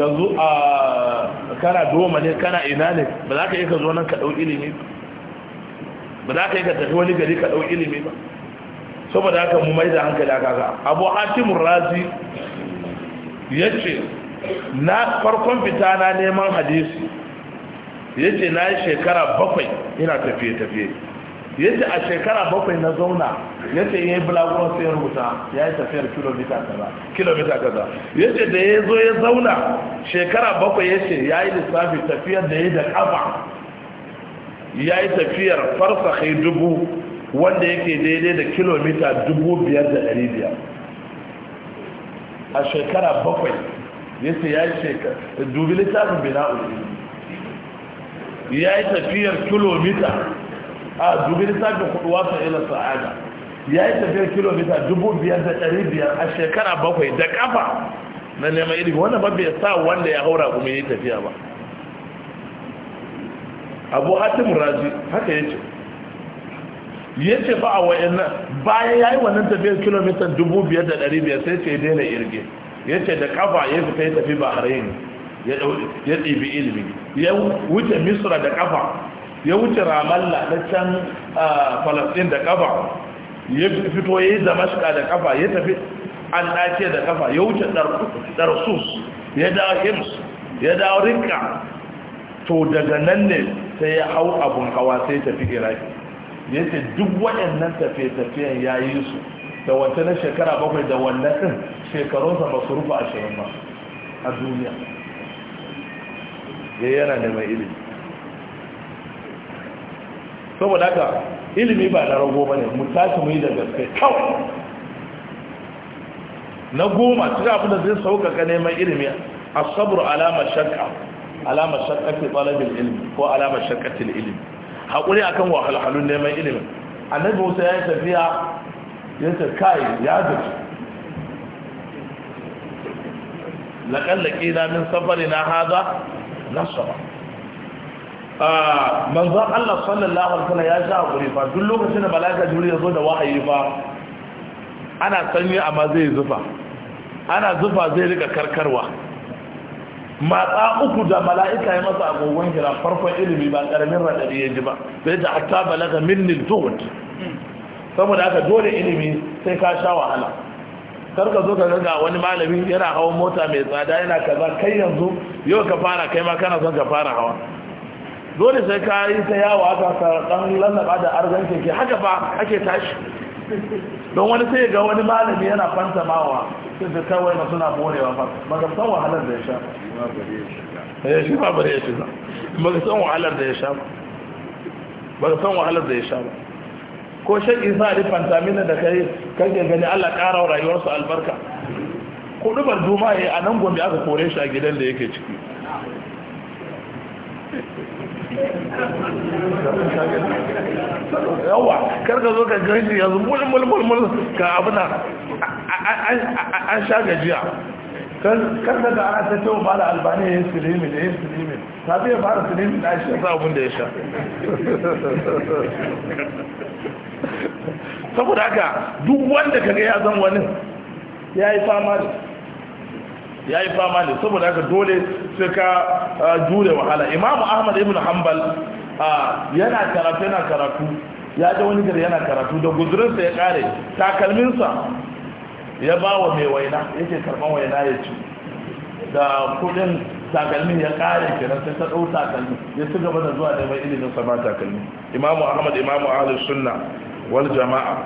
[SPEAKER 1] yanzu a kana doma ne kana ina ne ba za ka yi ka zo nan ka ɗau ilimi ba za ka yi ka tafi wani gari ka ɗau ilimi ba saboda haka mu mai da hankali aka kaka abu hatim razi ce, na farkon fita na neman hadisi ya ce na yi shekara bakwai ina tafiye tafiye Ya ce a shekara bakwai na zauna ya ce ya yi bulaguron sai rubuta yi tafiyar kilomita kaza Ya ce da ya zo ya zauna shekara bakwai ya ce ya yi lissafi tafiyar da yi da kafa yi tafiyar farsa dubu wanda yake daidai da kilomita 5,500 a shekara bakwai ya ce ya yi shekara dubi littafin bina ya yi tafiyar kilomita a dubi littafin kudu wasan ila sa'ada ya yi tafiyar kilomita 5,500 a shekara bakwai da kafa na neman ilimi wannan ba bai sa wanda ya haura kuma ya yi tafiya ba abu hatim razi haka ya ce ya ce ba a wayan nan bayan ya yi wannan tafiyar kilomitan dubu biyar da ɗari biyar sai ce daina irge ya ce da kafa ya fita ya tafi bahrain ya ɗibi ilimi ya wuce misra da kafa ya wuce ramallah na can palestine da kafa ya fito ya yi damashka da kafa ya tafi andace da kafa ya wuce darsus ya dawo hims ya dawo rinka to daga nan ne sai ya hau abun hawa sai tafi iraki ya ce duk waɗannan tafiye-tafiyen ya yi su da wancan na shekara bakwai da wannan ɗin shekarunsa ba su rufe ashirin ba a duniya ya yana neman ilimi saboda haka ilimi ba na rago ba ne mu tashi mu yi da gaske kawai na goma cikin abin da zai sauƙaƙa neman ilimi a sabur alamar shakka alamar shakkatin ɓalabin ilimi ko alamar shakkatin ilimi haƙuri akan wahalhalun neman ilimin annabi musa ya yi tafiya ya ce kai ya gaji laƙallaƙi na min safari na haza nasara ah, manzan allah sallallahu alaihi wasallam ya sha haƙuri fa duk lokacin da malaka juri ya zo da wahayi fa ana sanyi amma zai zufa ana zufa zai rika karkarwa matsa uku da mala'ika ya masa agogon hira farkon ilimi ba karamin raɗaɗi ya ji ba sai da hatta balaga minnin tuhut saboda aka dole ilimi sai ka sha wahala kar ka zo ka ga wani malami yana hawan mota mai tsada yana kaza kai yanzu yau ka fara kai ma kana son ka fara hawa dole sai ka yi ta yawa aka dan lallaba da argan keke haka ba ake tashi don wani sai ga wani malami yana fantamawa sun da kawai na suna morewa ba baka san wahalar
[SPEAKER 4] da ya sha
[SPEAKER 3] ya eh, shi ba bari ya shiga
[SPEAKER 1] baka san wahalar da ya sha baka san wahalar da ya sha ba ko shan isa fanta-mina da kai kake gani Allah ƙara rayuwarsa albarka ya juma'a a nan gombe aka kore shi a gidan da yake ciki yawa karka zo ka gaji yanzu mulmulmulmul ka abuna an sha gajiya karka da ana ta ce wa bala albani ya yi silimin ya yi silimin ta fiye fara silimin da shi yasa abin da ya sha saboda haka duk wanda kaga ya zan wani ya yi fama da ya yi fama ne saboda haka dole su ka jure wahala imamu ahmad ibn hanbal yana karatu yana karatu ya ji wani gari yana karatu da guzurinsa ya kare takalminsa ya ba wa mai waina yake karban waina ya ci da kudin takalmin ya kare kenan sai ta ɗau takalmi ya ci gaba da zuwa neman ilimin sama takalmi imamu ahmad imamu ahlus sunna wal jama'a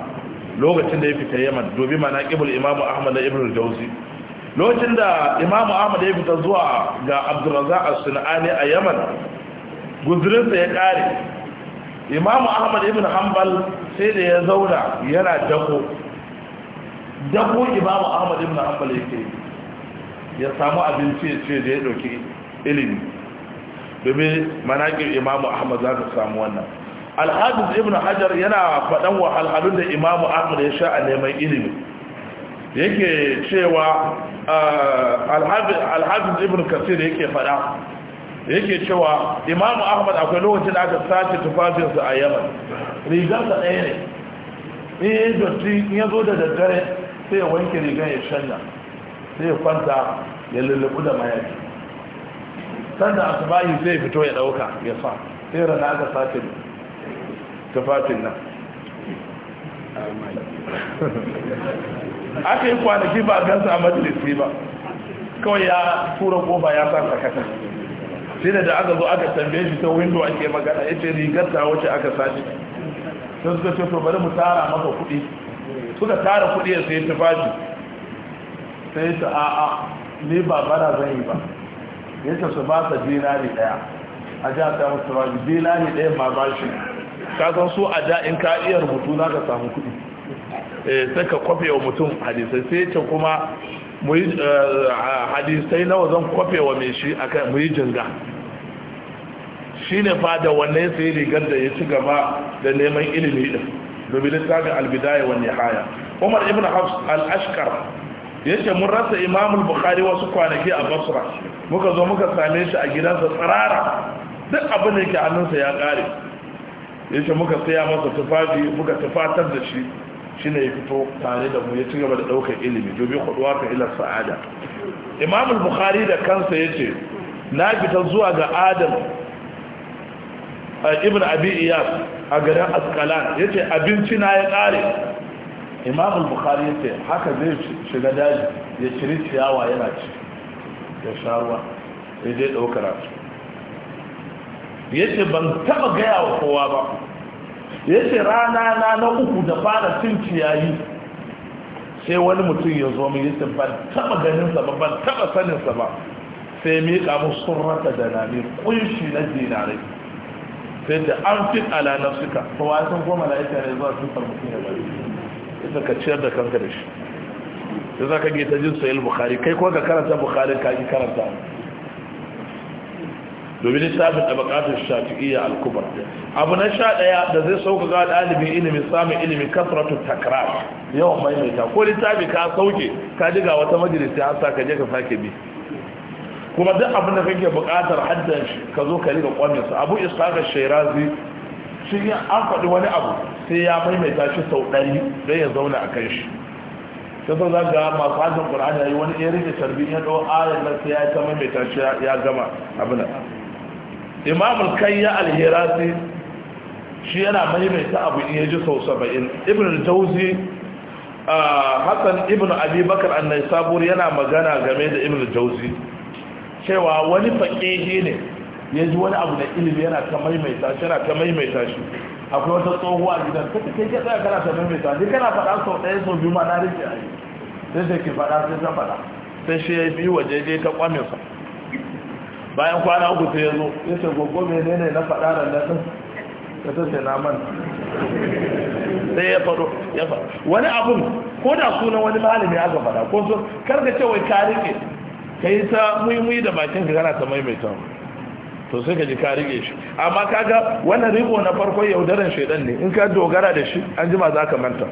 [SPEAKER 1] lokacin da ya fita yaman dobi mana kibul imamu ahmad na ibn jauzi lokacin da imamu ahmad ya fita zuwa ga abdurraza a sunani a yaman guzurinsa ya ƙare imamu ahmad ibn hanbal sai da ya zauna yana dako dako imamu ahmad ibn hanbal yake ya samu abinci ya ce da ya ɗauki ilimi domin manakin imamu ahmad za ka samu wannan alhadis ibn hajar yana faɗan halhalun da imamu ahmad ya sha a neman ilimi yake cewa ah, alhafiz ibn kasir yake fada yake cewa imamu ahmad akwai lokacin da aka sace tufafinsu a yaman rigarsa ɗaya ne in dotti ya zo da daddare sai ya wanke rigar ya shanya sai ya kwanta ya lullubu da mayaki sanda sai zai fito ya ɗauka ya sa sai rana aka sace tufafin nan
[SPEAKER 3] <laughs>
[SPEAKER 1] <laughs> aka yi kwanaki ba a gansa a majalisi ba kawai ya tura kofa ya sa sakata sai da da aka zo aka tambaye shi ta windo ake magana ya ce rigar ta wace aka sace sun suka ce to bari mu tara maka kuɗi suka tara kuɗi ya sai tufafi sai ta a'a ni ba bara zan yi ba ya ce su ba sa dinari ɗaya a ji a samu dina dinari ɗaya ma ba shi ka san so a da in ka iya rubutu na ka samu kuɗi Eh, sai ka kwafe wa mutum hadisai sai ce kuma eh, hadisai nawa zan kwafe wa mai shi akan mu yi jinga shi ne fada sai rigar da ya ci gaba da neman ilimi din domin littafin albidaya wani haya. umar ibn hafs al-ashkar ce mun rasa imamul bukhari wasu kwanaki a basra muka zo muka same shi a gidansa tsirara duk abin da yake hannunsa ya kare ce muka saya masa tufafi muka tufatar da shi ne ya fito tare da mu ya ci gaba da ɗaukar ilimi domin kuduwa ta ila sa'ada imam bukhari da kansa yace na fita zuwa ga adam ibn abi iyas a garin Ya yace abinci na ya kare imamul al-bukhari yace haka zai shiga daji ya ciri ciyawa yana ci ya sha ya je Ya yace ban taɓa gaya wa kowa ba ya ce rana na na uku da fara cin ciyayi sai wani mutum ya zo min yace ban taba ganinsa ba ban taba saninsa ba sai miƙa sun surrata da nami kunshi na dinarai sai da an fi alana suka. to wa san na ita ne zuwa sun farko ya ba ita ka ciyar da kanka da shi sai zaka ga ta jin sahih kai ko ka karanta bukari ka yi karanta domin littafin tabaqatul shafi'iyya al-kubra abu na sha daya da zai sauka ga dalibin ilimi samun ilimi kasratu takrar yawan maimaita ko littafi ka sauke ka diga wata majalisi har sa ka je ka sake bi kuma duk abin da kake buƙatar haddan shi ka zo ka riga kwamin sa abu ishaq shirazi shi ya an faɗi wani abu sai ya maimaita shi sau ɗari don ya zauna a kan shi sai zaga masu hajjin ƙur'ani ya yi wani irin da ya ɗau na sai ya ta maimaita shi ya gama abin imamul kayya alherasi shi yana maimaita abu in yaji sau saba'in ibn jauzi hassan ibn abubakar annai sabur yana magana game da ibn jauzi cewa wani faƙihi ne ya ji wani abu da ilimi yana ta maimaita shi yana ta maimaita shi akwai wata tsohuwa gidan ta kai ke tsaya kana ta maimaita shi kana faɗa sau ɗaya sau biyu ma na rike a yi sai sai ki faɗa sai ta faɗa sai shi ya yi biyu waje ta kwaminsa bayan kwana uku sai ya zo ya ce gogo menene na faɗa da nan ka tace na man sai ya faɗo ya faɗo wani abun ko da sunan wani malami aka faɗa ko sun kar ka ce ka rike ka yi ta muimui da bakin ka kana ta maimaita to sai ka ji ka rike shi amma kaga wannan riko na farkon yaudaran shaidan ne in ka dogara da shi an jima za ka manta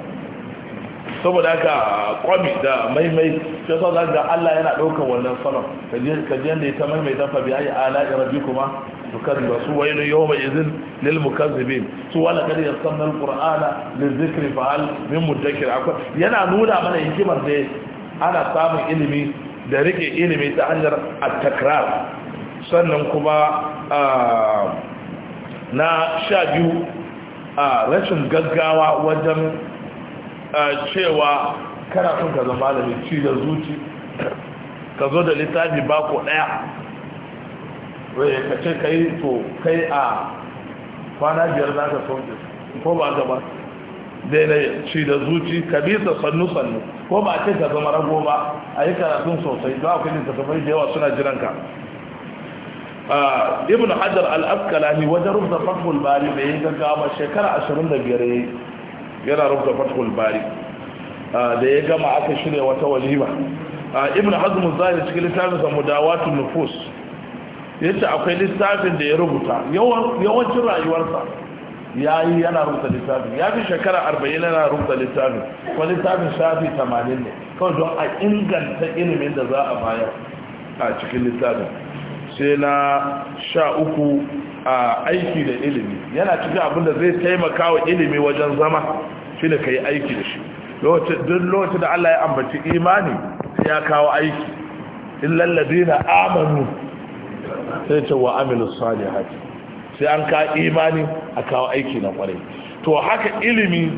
[SPEAKER 1] saboda haka kwami da maimai sai sau da ga Allah yana ɗaukar wannan salon kajiyar da ya ta maimai ta fabi ayi ala irabi kuma su kariba su wai yau mai izin lil mukazzibin su wala kadi ya san nan qur'ana lil zikri fa min mudakkir akwai yana nuna mana hikimar da ana samun ilimi da rike ilimi ta hanyar at-takrar sannan kuma na sha biyu a rashin gaggawa wajen cewa kana son ka zama da ci da zuci ka zo da littafi bako daya wai ka ce ka yi to kai a kwana biyar za ka sauke ko ba ka ba daidai ci da zuci ka bi ta sannu-sannu ko ba ce ka zama rago ba a yi karatun sosai za ku yi tattafai da yawa suna jiran ka ibn hajar al-askalani wajen rubuta fatul bari da yi gaggawa shekara 25 ya yi yana rubuta fathul bari ah, da ya gama aka shirya wata walima ah, ibn hazm zahir cikin littafin sa mudawatun nufus yace akwai littafin da ya rubuta yawancin rayuwarsa ya yi yana rubuta littafin ya fi shekara 40 yana rubuta littafin ko littafin shafi 80 ne kawai don a inganta ilimin da za a bayar a cikin littafin sai na sha uku a aiki da ilimi yana cikin abin da zai taimaka wa ilimi wajen zama shi ne ka yi aiki da shi duk lokacin da Allah ya ambaci imani sai ya kawo aiki illallabi ladina amanu sai ce wa amilu salihati sai an ka imani a kawo aiki na kwarai to haka ilimi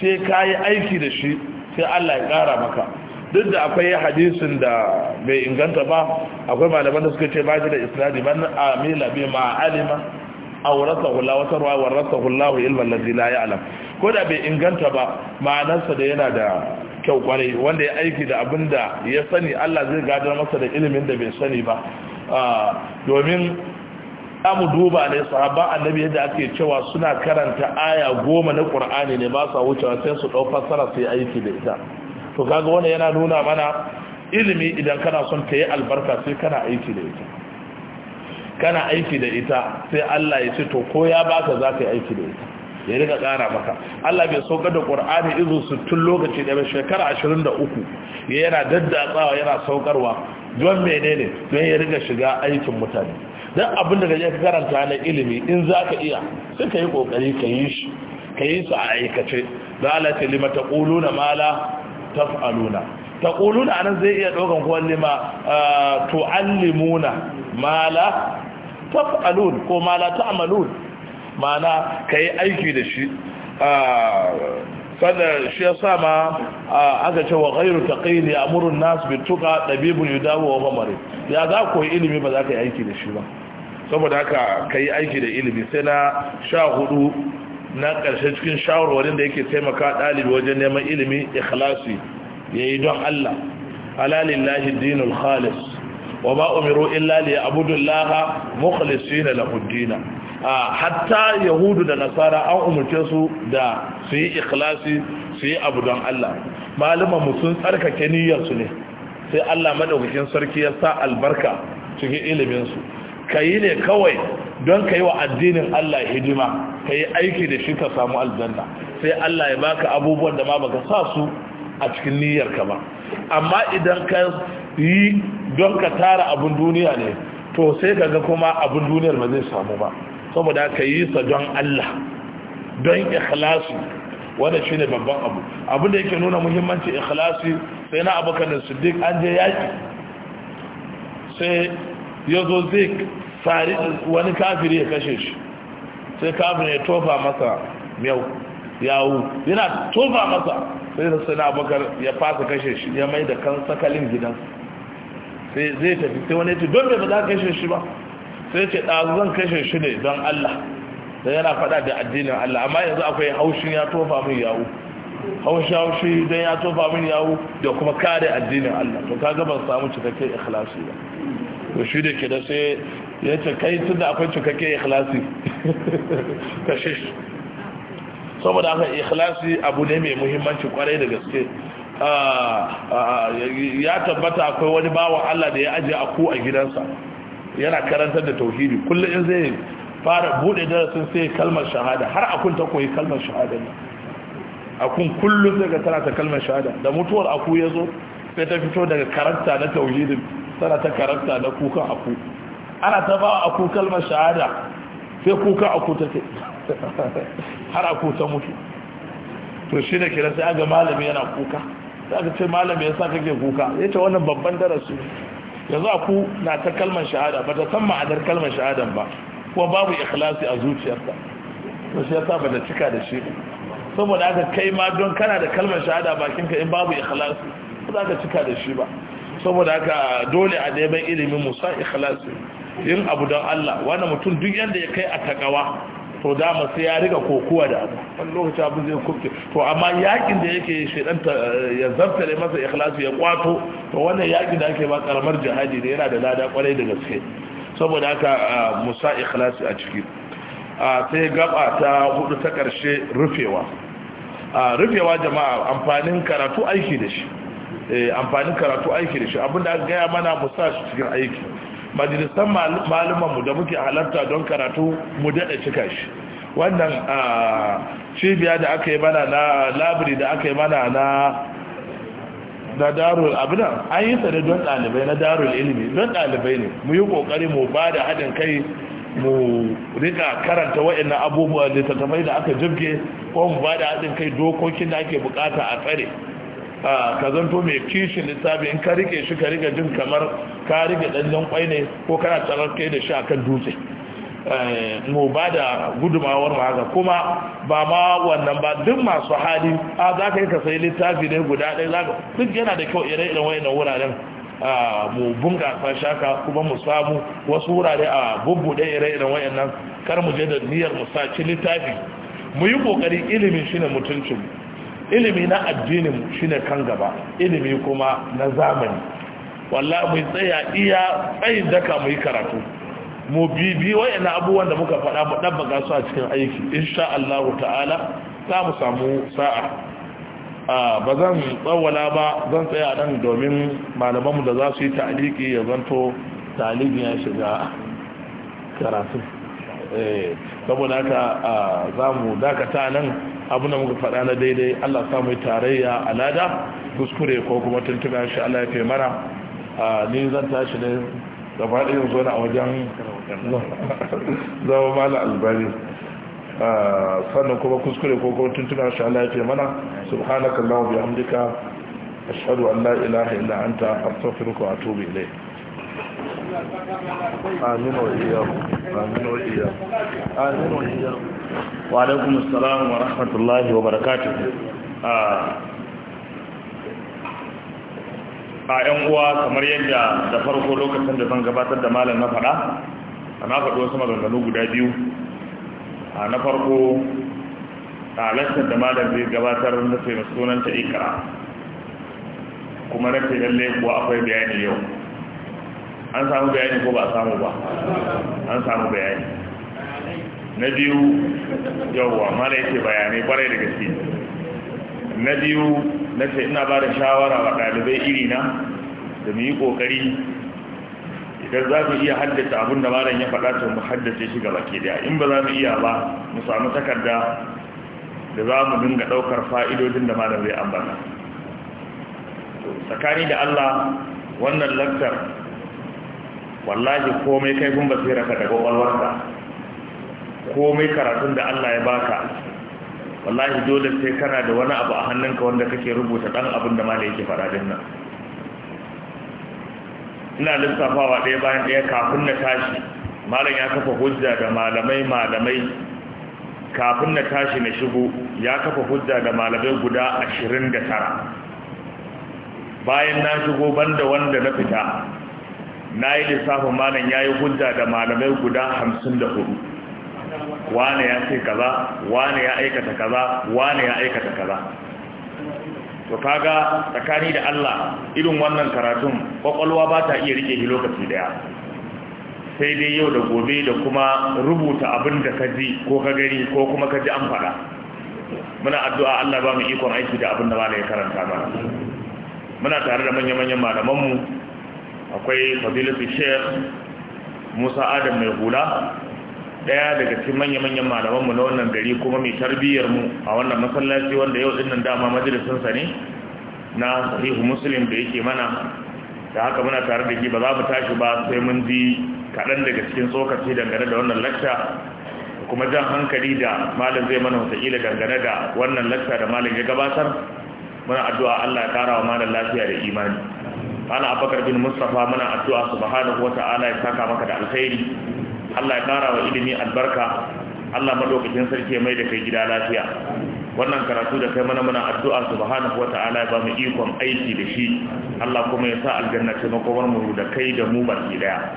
[SPEAKER 1] sai ka aiki da shi sai Allah ya kara maka duk da akwai hadisin da bai inganta ba akwai malaman da suka ce ba shi da isnadi man amila bi ma alima aurasa hula wata ruwa warasa hula wa ilman lazi la ya ko da bai inganta ba ma'anarsa da yana da kyau kwarai wanda ya aiki da abin da ya sani Allah zai gadar masa da ilimin da bai sani ba ah, domin mu duba ne sahaba annabi yadda ake cewa suna karanta aya goma na qur'ani ne ba sa wucewa sai su dau fassara sai aiki da ita to kaga wannan yana nuna mana ilimi idan kana son ka yi albarka sai kana aiki da ita kana aiki da ita sai Allah ya ce to ko ya baka za ka yi aiki da ita ya riga ƙara maka Allah bai sauka da Qur'ani izu 60 lokaci da shekara 23 ya yana daddatsawa yana saukarwa don menene don ya riga shiga aikin mutane dan abin da kaje ka karanta na ilimi in zaka iya sai ka yi kokari ka yi shi ka yi su a aikace da Allah ta limata quluna ma taf'aluna taquluna anan zai iya dokan ko lima tuallimuna ma la taf'alun ko ma la ta'malun mana yi aiki da shi kada shi ya sa ma aka ce wa ghairu a murin nasu bi ɗabibin yi dawo wa mari ya za ku yi ilimi ba za ka yi aiki da shi ba saboda haka ka yi aiki da ilimi sai na sha hudu na ƙarshe cikin shawarwarin da yake taimaka ɗalibi wajen neman ilimi ikhlasi yayi don Allah alalillahi dinul khalis wa ma umiru illa li ya'budullaha mukhlisina lahu dinna hatta yahudu da nasara an umurce su da su yi ikhlasi su yi abu don Allah malaman mu sun tsarkake niyyar su ne sai Allah madaukakin sarki ya sa albarka cikin ilimin su kayi ne kawai don ka yi wa addinin Allah hidima ka yi aiki da shi ka samu aljanna sai Allah ya baka abubuwan da ma baka sa su a cikin niyyar ka ba amma idan ka yi don ka tara abin duniya ne to sai ka ga kuma abin duniyar ba zai samu ba saboda ka yi sa don Allah don ikhlasi wanda shi ne babban abu abin da yake nuna muhimmanci ikhlasi sai na abokan da siddiq an je yaki sai ya zo zai wani kafiri ya kashe shi sai kafin ya tofa masa miyau yawu yana tofa masa sai da suna bakar ya fasa kashe shi ya mai da kan sakalin gidan sai zai tafi sai wani ce don ba za ka kashe shi ba sai ce ɗazu zan kashe shi ne don Allah da yana faɗa da addinin Allah amma yanzu akwai haushin ya tofa min yawu haushi haushi don ya tofa min yawu da kuma kare addinin Allah to ka ban samu cikakken ikhlasi ba to shi da ke da sai ya ce kai tun da akwai cikakken ikhlasi <laughs> kashe shi saboda haka ikhlasi abu ne mai muhimmanci kwarai da gaske ah, ah, ah, ya tabbata akwai wani bawan Allah da ya aje a ku a gidansa yana karantar da tauhidi kullum in zai fara bude darasin sai kalmar shahada har akun ta koyi kalmar shahada ne akun kullum sai ga tana ta kalmar shahada da mutuwar aku ya zo sai ta fito daga karanta na tauhidin tana ta karanta na kukan aku ana ta ba aku kalmar shahada sai kukan aku ta take <laughs> har a kusa mutu to shi ne kira sai aga malami yana kuka sai aka ce malami yasa kake kuka ya ce wannan babban darasi yanzu aku na ta kalmar shahada ba ta san ma'anar kalmar shahadan ba kuma babu ikhlasi a zuciyarta to shi yasa ba da cika da shi saboda aka kai ma don kana da kalmar shahada bakinka in babu ikhlasi ba za ka cika da shi ba saboda aka dole a neman ilimin musa ikhlasi yin abu don Allah wani mutum duk yadda ya kai a takawa to dama sai ya riga kokuwa da wani lokaci abin zai kubce to amma yakin da yake shaidan eh, ya zartare masa ikhlasu ya kwato to wannan yakin da ake ba karamar jihadi ne yana da lada kwarai da gaske saboda haka ah, musa ikhlasu a ciki ah, sai gaba ta hudu ta karshe rufewa ah, rufewa jama'a amfanin karatu aiki da shi eh, amfanin karatu aiki da shi abinda aka gaya mana musa shi cikin aiki majalisan mu da muke halarta don karatu mu daɗa cika shi wannan cibiya da aka yi mana na labiri da aka yi mana na na darul abinan an yi sa don ɗalibai na darul ilimi don ɗalibai ne mu yi ƙoƙari mu ba da haɗin kai mu rika karanta waɗannan abubuwa littattafai da aka jirge ko mu ba da haɗin kai dokokin da ake bukata a tsare ka zanto mai kishin lissafi in ka rike shi ka rike jin kamar ka rike ɗanɗan kwai ne ko kana tarar kai da shi akan dutse eh, mu ba da gudumawar haka kuma ba ma wannan ba duk masu hali a za ka yi ka sai littafi ne guda ɗaya za ka duk yana da kyau ire-iren wayan wuraren mu bunga bunƙasa shaka kuma mu samu wasu wurare a bubbuɗe ire-iren wayan nan kar mu je da niyyar mu saci littafi mu yi ƙoƙari ilimin shi ne mutuncin ilimi na addinin shine kan gaba ilimi kuma na zamani walla mu tsaya iya tsayi daka mu karatu mu bibi wayannan abubuwan da muka faɗa mu dabbaka su a cikin aiki insha Allah ta'ala za mu samu sa'a ba zan tsawwala ba zan tsaya nan domin malamanmu da za su yi ta'aliki ya zanto ta'aliki ya shiga karatu Eh, saboda haka za mu dakata nan abu da muka faɗa na daidai allah samu tarayya a lada kuskure ko kuma tuntuna shi allah ya fi mana ni zan tashi ne da faɗin zo na a wajen
[SPEAKER 2] zama mala albari
[SPEAKER 1] sannan kuma kuskure ko kuma tuntuna shi allah ya fi mana subhanakallahu bihamdika ashhadu an la ilaha illa anta astaghfiruka wa atubu ilayk
[SPEAKER 5] آمين وإياكم آمين وإياكم آمين وإياكم وعليكم السلام ورحمة الله وبركاته
[SPEAKER 6] a uwa kamar yadda da farko lokacin da zan gabatar da malam na faɗa a na faɗo wasu maganganu guda biyu a ah, na farko a ah, lantar da malam zai gabatar na ce sunanta ikara kuma na ce lalle kuwa akwai bayani yau an samu bayani ko ba a samu ba an samu bayani na biyu yawwa mara yake bayanai kwarai da gaske na biyu na ce ina ba da shawara wa ɗalibai na da mu yi ƙoƙari idan za mu iya haddace abin da malam ya faɗa to mu haddace shi gaba ke daya in ba za mu iya ba mu samu takarda da za mu dinga ɗaukar fa'idodin da malam zai ambata tsakani da Allah wannan lantar wallahi komai kun basira ka da kwakwalwarka komai karatun da Allah ya baka wallahi dole sai kana da wani abu a hannunka wanda kake rubuta dan abin da ma yake faɗa din nan ina lissafawa ɗaya bayan ɗaya kafin na tashi malam ya kafa hujja da malamai malamai kafin na tashi na shigo ya kafa hujja da malamai guda ashirin da tara bayan na shigo banda wanda na fita na yi lissafin malam ya yi hujja da malamai guda hamsin da hudu wane ya ce kaza wane ya aikata kaza wane ya aikata kaza to kaga tsakani da Allah irin wannan karatun kwakwalwa ba ta iya rike shi lokaci daya sai dai yau da gobe da kuma rubuta abin da ka ji ko ka gani ko kuma ka ji an faɗa muna addu'a Allah ba mu ikon aiki da abin da ba ya karanta mana muna tare da manya-manyan malamanmu akwai fadilatu sheikh musa adam mai hula daya daga cikin manya-manyan malamanmu na wannan gari kuma mai tarbiyyar mu a wannan masallaci wanda yau dinnan dama sa ne na sahihu muslim da yake mana da haka muna tare da shi ba za mu tashi ba sai mun ji kaɗan daga cikin tsokaci dangane da wannan lakta kuma jan hankali da malam zai mana wataƙila dangane da wannan lakta da malam ya gabatar muna addu'a Allah ya ƙara wa malam lafiya da imani ana abakar bin mustapha muna addu'a subhanahu wa ta'ala ya saka maka da alkhairi Allah ya kara wa ilimi albarka Allah madaukakin sarki ya mai da kai gida lafiya wannan karatu da kai mana muna addu'a subhanahu wa ta'ala ya ba ikon aiki da shi Allah kuma ya sa aljanna ce makomar mu da kai da mu baki daya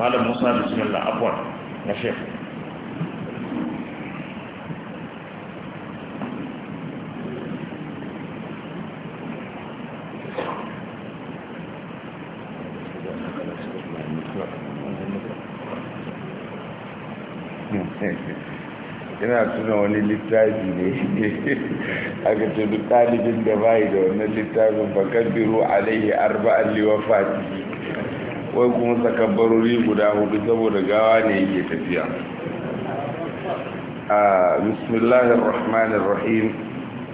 [SPEAKER 6] malam Musa bismillah afwan na shekara
[SPEAKER 3] ina tuna
[SPEAKER 2] wani littafi ne <laughs> aka ce duk ɗalibin da bayi da wannan littafin fakar biro alaihi arba'an fati wai kuma sakabbarori guda hudu saboda gawa ne yake tafiya a bismillahir rahmanir rahim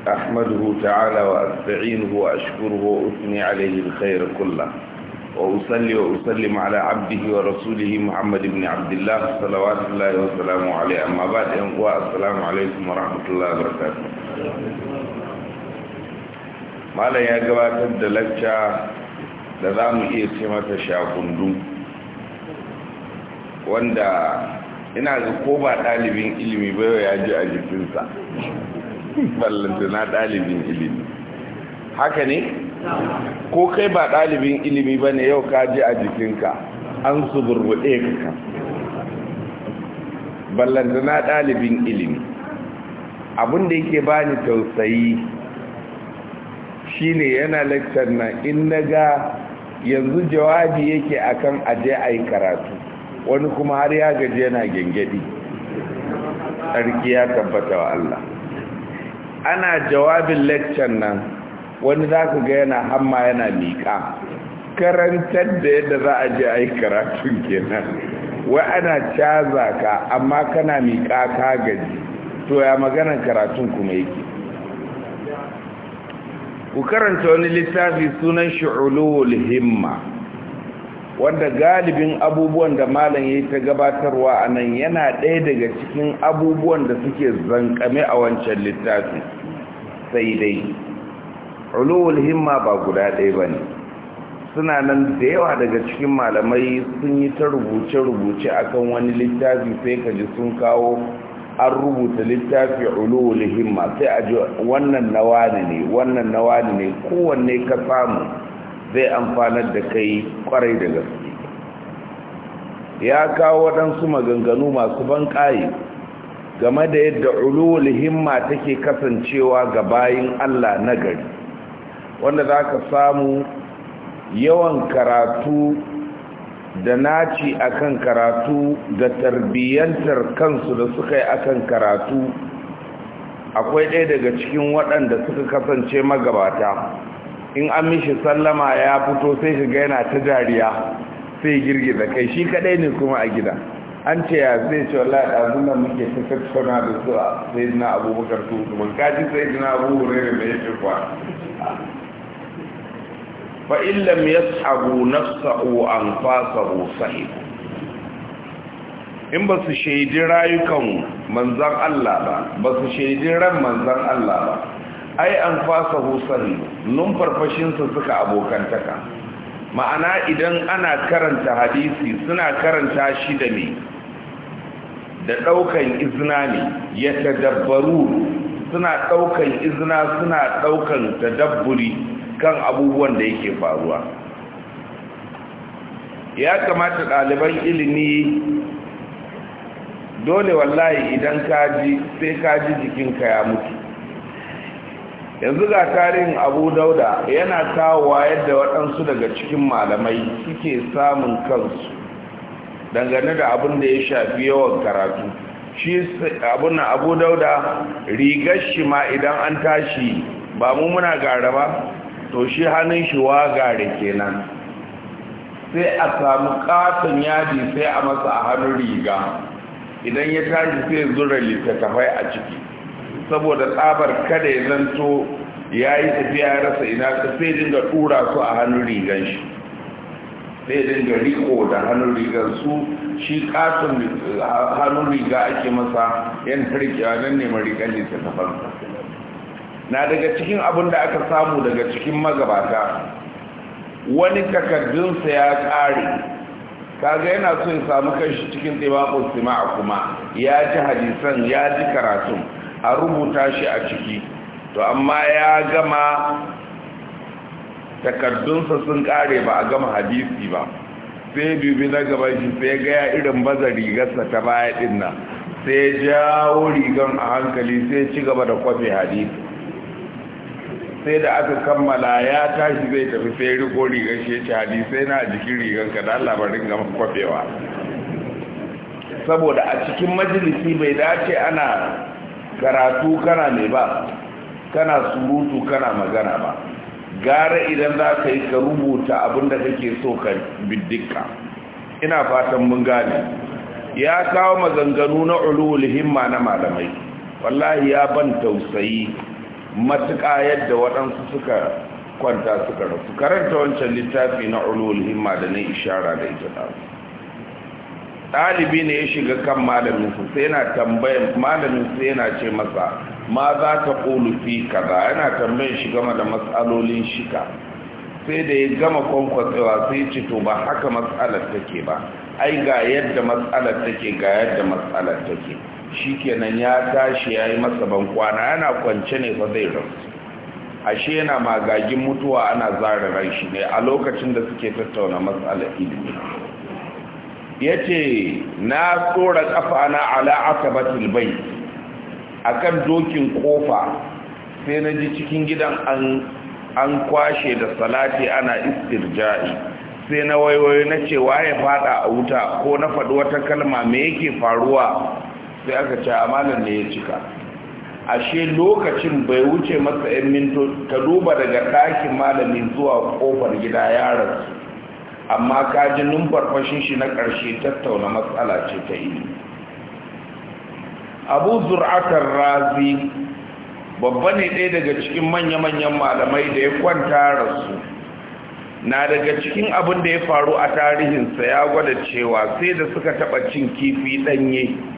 [SPEAKER 2] ahmaduhu ta'ala wa asta'inuhu wa ashkuruhu wa usni alaihi alkhair kullah وأصلي وأسلم على عبده ورسوله محمد بن عبد الله صلوات الله وسلامه عليه أما بعد أنقوى السلام عليكم ورحمة الله وبركاته مالا يا قبات الدلجة لذام إيسمة شاكندو واندا ina ga ko ba ɗalibin ilimi ba ya ji a jikinsa ballantana ɗalibin ilimi haka ne ko kai ba ɗalibin ilimi ba ne yau ka ji a jikinka an su burbuɗe ka ballantana ɗalibin ilimi abin da yake ba ni tausayi shine yana lakcar nan in na ga yanzu jawabi yake akan aje a yi karatu wani kuma har ya gaji yana gengedi tsarki ya tabbata wa Allah ana jawabin lakcan nan wani za ka ga yana hamma yana miƙa karantar da yadda za a je a yi karatun kenan wai ana caza ka amma kana miƙa ka gaji to ya maganar karatun kuma yake ku karanta wani littafi sunan shi'ulul himma wanda galibin abubuwan da malam yayi ta gabatarwa a nan yana ɗaya daga cikin abubuwan da suke zankame a wancan littafi sai dai ulul himma ba guda ɗaya ba ne suna nan da yawa daga cikin malamai sun yi ta rubuce-rubuce akan wani littafi sai ka ji sun kawo an rubuta littafi ulul himma sai a ji wannan nawani ne wannan nawani ne kowanne ka samu zai amfanar da kai kwarai da gaske ya kawo waɗansu maganganu masu ban ƙayi game da yadda ulul himma take kasancewa ga bayin Allah nagari wanda za ka samu yawan karatu da naci akan karatu da tarbiyyantar kansu da suka yi akan karatu akwai ɗaya daga cikin waɗanda suka kasance magabata in an mishi sallama ya fito sai shiga yana ta jariya sai girgiza kai shi kaɗai ne kuma a gida an ce ya zai ce wallahi ɗazun nan muke ta tattauna da su a sai dina abubakar su ban kaji sai dina abubakar ne mai yake kwa fa illam yashabu an anfasahu sahibu in ba su shaidi rayukan manzan Allah ba ba su shaidi ran manzan Allah ba ai an fasa husari numfarfashinsa suka abokantaka ma'ana idan ana karanta hadisi suna karanta shi da ne da ɗaukan izina ne ya tadabbaru suna ɗaukan izina suna ɗaukan tadabburi kan abubuwan da yake faruwa ya kamata ɗaliban ilimi dole wallahi idan kaji sai kaji jikinka ya mutu yanzu ga tarihin abu dauda yana kawowa yadda waɗansu daga cikin malamai suke samun kansu dangane da abin da ya shafi yawan karatu shi abin abu dauda rigar shi ma idan an tashi ba mu muna gara ba to shi hannun shi wagare kenan sai a samu katon yadi sai a masa a hannun riga idan ya tashi sai zura littattafai a ciki saboda tsabar kada ya zanto ya yi tafiya ya rasa ina sai dinga tura su a hannun rigan shi sai dinga riko da hannun rigan su shi katon hannun riga ake masa yan harkiya nan neman rigan littattafansa na daga cikin abin da aka samu daga cikin magabata wani takardunsa ya ƙare kaga yana so ya samu kanshi cikin tsimakon a kuma ya ji hadisan ya ji karatun a rubuta shi a ciki to amma ya gama takardunsa sun ƙare ba a gama hadisi ba sai dubi na gaba shi sai gaya irin baza rigarsa ta baya ɗin nan sai jawo rigar a hankali sai ci gaba da kwafe hadisi sai da aka kammala ya tashi zai tafi sai riko rigar shi ya ce hadisai na jikin rigar da labarin gama kwafewa
[SPEAKER 3] saboda a cikin
[SPEAKER 2] majalisi bai dace ana karatu kana ne ba kana surutu kana magana ba gara idan za ka yi ka rubuta abinda kake so ka biddika ina fatan mun gane ya kawo maganganu na ulul himma na malamai wallahi ya ban tausayi matuƙa yadda waɗansu suka kwanta suka rasu karanta wancan littafi na ulul himma da na ishara da ita da ɗalibi ne ya shiga kan malamin su sai yana tambayan malamin su yana ce masa ma za ta ƙulu fi kaza yana tambayan shi game da matsalolin shika sai da ya gama kwankwatsewa sai ce to ba haka matsalar take ba ai ga yadda matsalar take ga yadda matsalar take shikenan ya tashi ya yi masa bankwana yana kwance ne fa zai rasu ashe yana magagin mutuwa ana zara ran shi ne a lokacin da suke tattauna matsalar ilimi ya ce na tsora na ala asabatul bai kan dokin kofa sai na ji cikin gidan an kwashe da salati ana istirja'i sai na waiwayo na ce waye fada a wuta ko na faɗi wata kalma me yake faruwa sai aka ce amalan ne ya cika ashe lokacin bai wuce masa yan minto ka duba daga ɗakin malami zuwa ƙofar gida yaron amma kaji numfar fashin shi na ƙarshe tattauna matsala ce ta yi abu zur'atar razi babba ne ɗaya daga cikin manya-manyan malamai da ya kwanta rasu na daga cikin abin da ya faru a tarihinsa ya gwada cewa sai da suka taɓa cin kifi ɗanye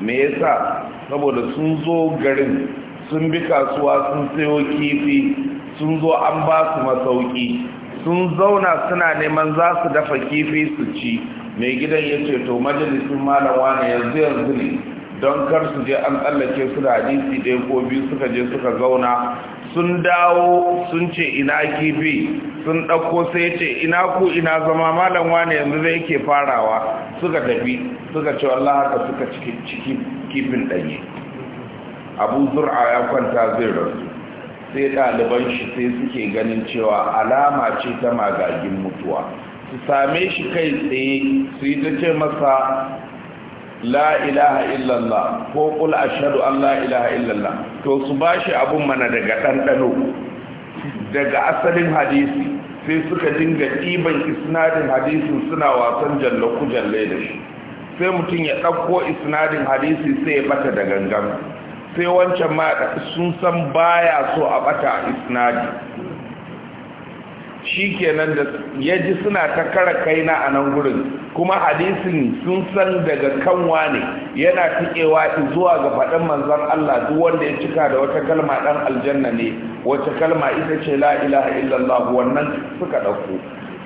[SPEAKER 2] me yasa saboda sun zo garin sun bi kasuwa sun sayo kifi sun zo an ba su masauki sun zauna suna neman za su dafa kifi su ci mai gidan ya ce to majalisin malam wane yanzu yanzu ne don kar su je an tsallake su da hadisi ɗaya ko biyu suka je suka zauna sun dawo sun ce ina kifi sun ɗauko sai ce ina ku ina zama malam wane yanzu zai ke farawa suka tafi suka ce Allah haka suka ciki kifin ɗanye abu zur'a ya kwanta zai rasu sai ɗaliban shi sai suke ganin cewa alama ce ta magagin mutuwa su same shi kai tsaye su yi ta ce masa la ilaha illallah ko kul ashhadu an la ilaha illallah to su bashi abun mana daga ɗanɗano daga asalin hadisi sai suka dinga ɗiban isnadin hadisi suna wasan jalla ku da shi sai mutum ya ɗauko isnadin hadisi sai ya bata da gangan sai wancan ma sun san baya so a bata isnadi shi kenan da ya ji suna ta kara kaina a nan gurin kuma hadisin sun san daga kanwa ne yana fiƙewa zuwa ga faɗin manzan Allah duk wanda ya cika da wata kalma ɗan aljanna ne wata kalma ita ce la ilaha illallah wannan suka ɗauko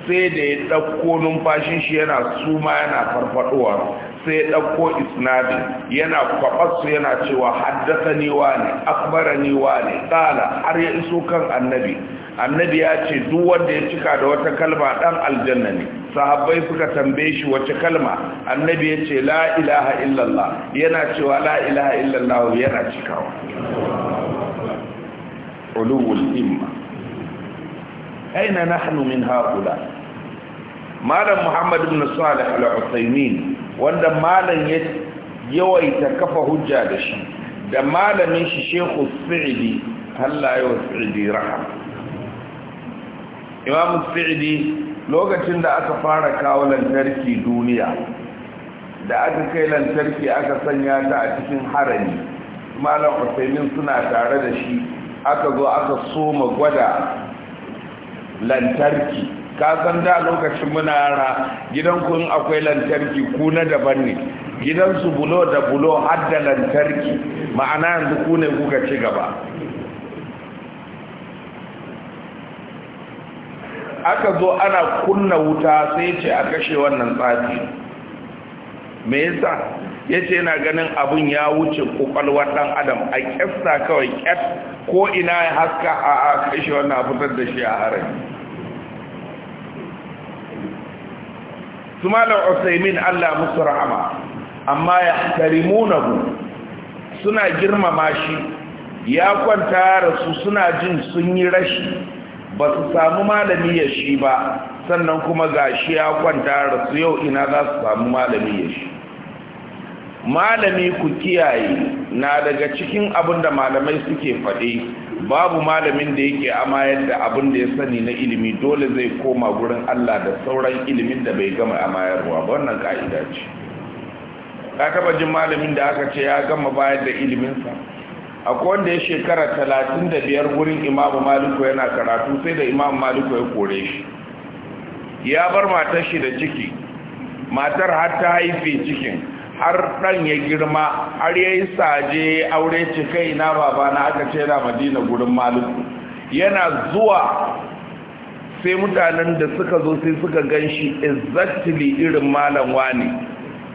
[SPEAKER 2] sai da ya ɗauko numfashin shi yana suma yana farfaɗowa sai ya ɗauko isnadin yana kwaɓarsu yana cewa haddasa ni wa ne akbara ni wa ne ƙala har ya iso kan annabi annabi ya ce duk wanda ya cika da wata kalma dan aljanna ne sahabbai suka tambaye shi wace kalma annabi ya ce la ilaha illallah yana cewa la ilaha illallah yana cikawa ulul imma aina nahnu min haula malam muhammad ibn salih al-uthaymeen wanda malam ya yawaita kafa hujja da shi da malamin shi shehu sa'idi Allah ya wa sa'idi rahama imam sa'idi lokacin da aka fara kawo lantarki duniya da aka kai lantarki aka sanya ta a cikin harami malam usaimin suna tare da shi aka zo aka soma gwada lantarki kasan da lokacin muna yara gidan kun akwai lantarki ku na daban ne su bulo da bulo har lantarki ma'ana yanzu ku ne kuka ci gaba aka zo ana kunna wuta sai ce a kashe wannan tsafi me yasa yace yana ganin abun ya wuce kokalwar ɗan adam a kyasta kawai kyat ko ina ya haska a kashe wannan fitar da shi a harin su malar usaimin allah musu rahama amma ya bu suna girmama shi ya kwanta rasu suna jin sun yi rashi ba su samu malami ya shi ba sannan kuma ga shi ya kwanta rasu yau ina za su samu malami ya shi malami ku kiyaye na daga cikin abin da malamai suke faɗi babu malamin da yake amayar da abin da ya sani na ilimi dole zai koma gurin Allah da sauran ilimin da bai gama amayarwa ba wannan ka'ida ce ka taba jin malamin da aka ce ya gama bayar da iliminsa akwai wanda ya shekara talatin da biyar wurin imamu maliku yana karatu sai da imamu maliku ya kore shi ya bar matar shi da ciki matar har ta haife cikin har ɗan ya girma har ya yi saje aure ce kai na baba na aka ce na madina gurin maliku yana zuwa sai mutanen da suka zo sai suka gan shi exactly irin malam wani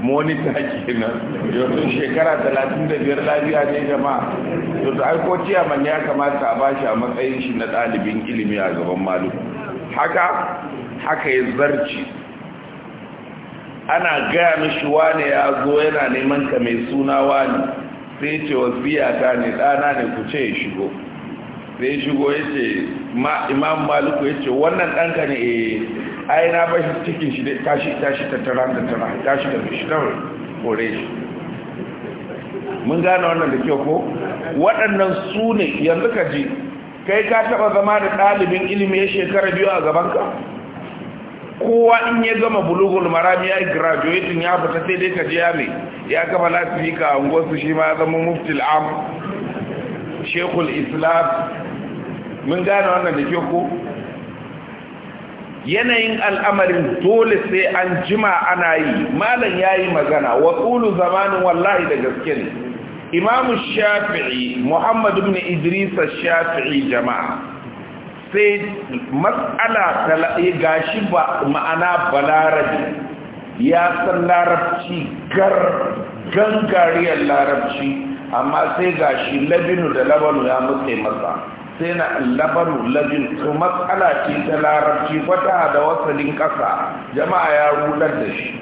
[SPEAKER 2] monita kenan yanzu shekara talatin da biyar lafiya ne jama'a Yau da aiko ciyaman ya kamata a bashi a matsayin shi na ɗalibin ilimi a gaban malu haka haka ya zarci ana gaya mishi wane ya zo yana neman ka mai suna wani. sai ce wasiya ta ne ɗana ne ku ce ya shigo sai shigo ya ce imam maluku ya ce wannan ɗanka ne eh ai na ba shi cikin shi dai tashi tashi tattara tattara tashi da shi dawo kore shi mun gane wannan da kyau ko waɗannan su ne yanzu ka ji kai ka taɓa zama da ɗalibin ilimi ya shekara biyu a gabanka kowa in ya gama bulugul marami ya yi graduating ya fita sai dai ka ji ya mai ya kafa lasifika a unguwarsu shi ma ya zama muftil am shekul islam mun gane wannan da kyau ko yanayin al'amarin dole sai an jima ana yi malam ya yi magana wa ƙulu zamanin wallahi da gaske ne imamu shafi'i muhammadu ibn idrisa shafi'i jama'a sai matsala eh, gashi ba ma'ana balarabi ya san larabci gar gangariyar larabci amma sai gashi labinu da labanu ya mutse masa sai na labaru labin su matsala ce ta larabci wata da wasalin ƙasa jama'a ya rudar da shi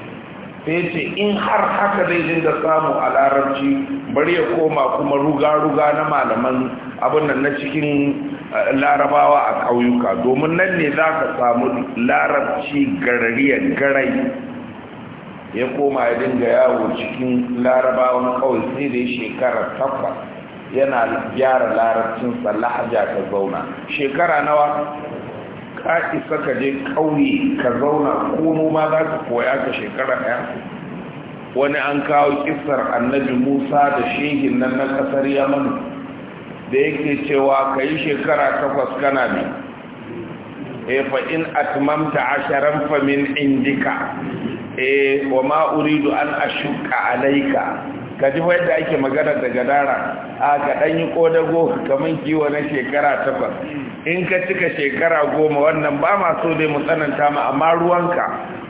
[SPEAKER 2] sai ce in har haka zai dinga samu a larabci bari ya koma kuma ruga-ruga na malaman abin nan na cikin eh, larabawa a ƙauyuka domin nan ne za ka samu larabci garariyar garai ya koma ya dinga yawo cikin larabawan kawai sai da shekara takwas yana gyara larabcinsa lahaja ka zauna shekara nawa ka isa ka je ƙauye ka zauna ko ma za ka koya ka shekara ɗaya wani an kawo kisar annabi musa da shehin nan na ƙasar yaman da yake cewa ka yi shekara takwas kana ne eh, fa in atmamta asharan famin indika e wa ma uridu an ashuka alaika ka ji fa yadda ake magana da gadara a ka ɗan yi ƙodago kamar kiwo na shekara takwas in ka cika shekara goma wannan ba ma so dai mu tsananta ma amma ruwanka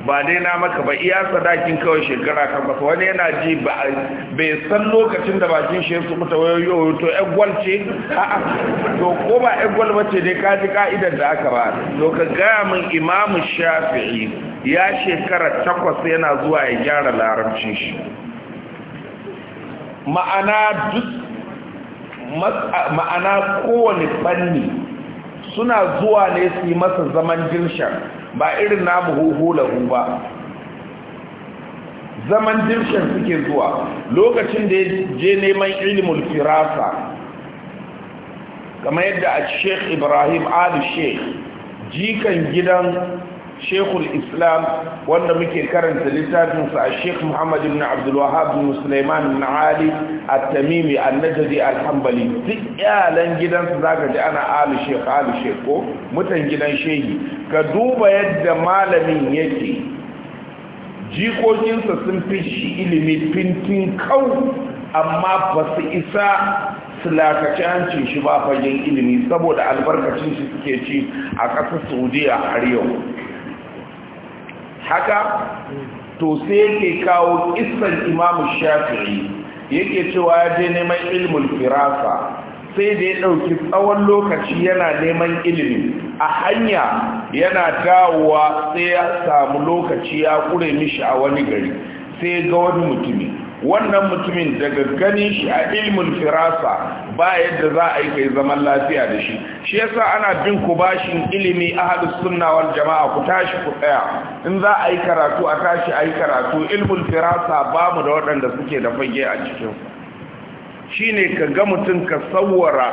[SPEAKER 2] ba dai na maka ba iya sadakin kawai shekara takwas wani yana ji bai san lokacin da bakin shi ya su mutu wayoyo to egwal ce a'a to ko ba egwal ba ce dai ka ji ka'idar da aka ba to ka gaya min imamu shafi'i ya shekara takwas yana zuwa ya gyara larabcin shi ma'ana duk ma'ana kowane fanni suna zuwa ne su yi masa zaman dirshan ba irin namu huhu ba zaman dirshan suke zuwa lokacin da ya je neman ilimul firasa kamar yadda a sheikh ibrahim Ali sheikh jikan gidan shekul islam wanda muke karanta littafinsa a sheikh muhammad ibn abdulwahab bin sulaiman ibn ali at-tamimi an-najdi al-hanbali duk iyalan gidansa zaka ji ana Ali sheikh Ali sheikh ko mutan gidan shehi ka duba yadda malamin yake jikokinsa sun fi shi ilimi fintin kau amma ba su isa silakaci hancin shi ba fagen ilimi saboda albarkacin shi suke ci a ƙasar saudiya har yau haka to sai yake kawo kisan imamu shafi'i yake cewa ya je neman ilmul firasa sai da ya ɗauki tsawon lokaci yana neman ilimi a hanya yana dawowa sai ya samu lokaci ya kure mishi a wani gari sai ga wani mutumi wannan mutumin daga ganin shi a ilmin firasa ba yadda za a yi kai zaman lafiya da shi shi yasa ana bin ku bashin ilimi ahlus sunna wal jama'a ku tashi ku tsaya in za a yi karatu a tashi a yi karatu ilmul firasa ba mu da waɗanda suke da fage a cikin shine ka ga mutum ka sawwara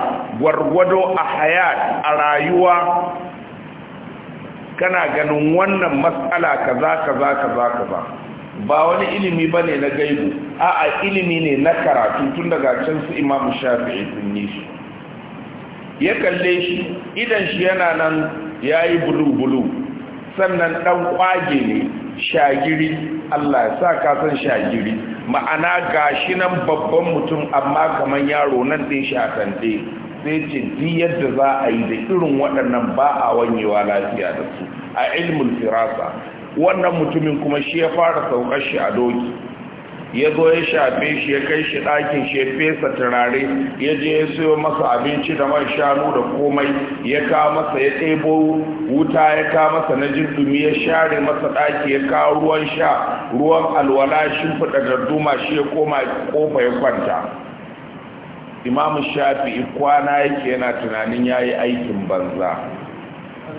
[SPEAKER 2] gwargwado a haya a rayuwa kana ganin wannan matsala kaza kaza kaza kaza ba wani ilimi ba ne na gaibu a'a ilimi ne na karatu tun daga can su imamu shafi'i sun yi shi ya kalle shi idan shi yana nan ya yi bulu-bulu sannan ɗan kwage ne shagiri allah ya sa kasan shagiri ma'ana gashi nan babban mutum amma kamar yaro nan ɗin shatande sai ce ji yadda za a yi da irin waɗannan ba a wanyewa lafiya da su a ilmul firasa wannan mutumin kuma shi ya fara saukar shi a doki ya zo ya shafe shi ya kai shi ɗakin shi ya fesa turare ya je ya sayo masa abinci da man shanu da komai ya kawo masa ya ɗebo wuta ya kawo masa na jirgumi ya share masa ɗaki ya kawo ruwan sha ruwan alwala shimfiɗa darduma shi ya koma kofa ya kwanta imamu shafi kwana yake yana tunanin ya yi aikin banza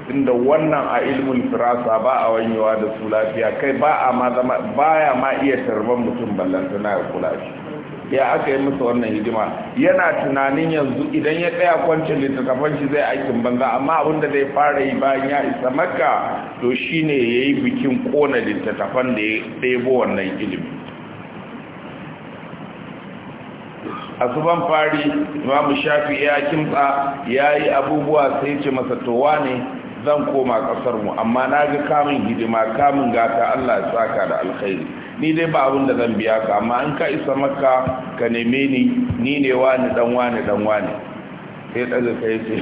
[SPEAKER 2] Inda wannan a ilmul firasa ba a wanyewa da su lafiya kai ba a ma zama baya ma iya tarban mutum ballantana ya kula shi ya aka yi masa wannan hidima yana tunanin yanzu idan ya tsaya kwancin littattafan shi zai aikin banza amma abin da zai fara yi bayan ya isa maka to shine ya yi bikin kona littattafan da ya ɗebo wannan ilimi asuban fari imamu shafi ya kimtsa ya yi abubuwa sai ce masa towa ne zan koma kasar mu amma na ga kamun hidima kamun gata Allah ya saka da alkhairi ni dai ba abin da zan biya ka amma in ka isa makka ka neme ni ni ne wani dan wani dan wani sai daga kai ce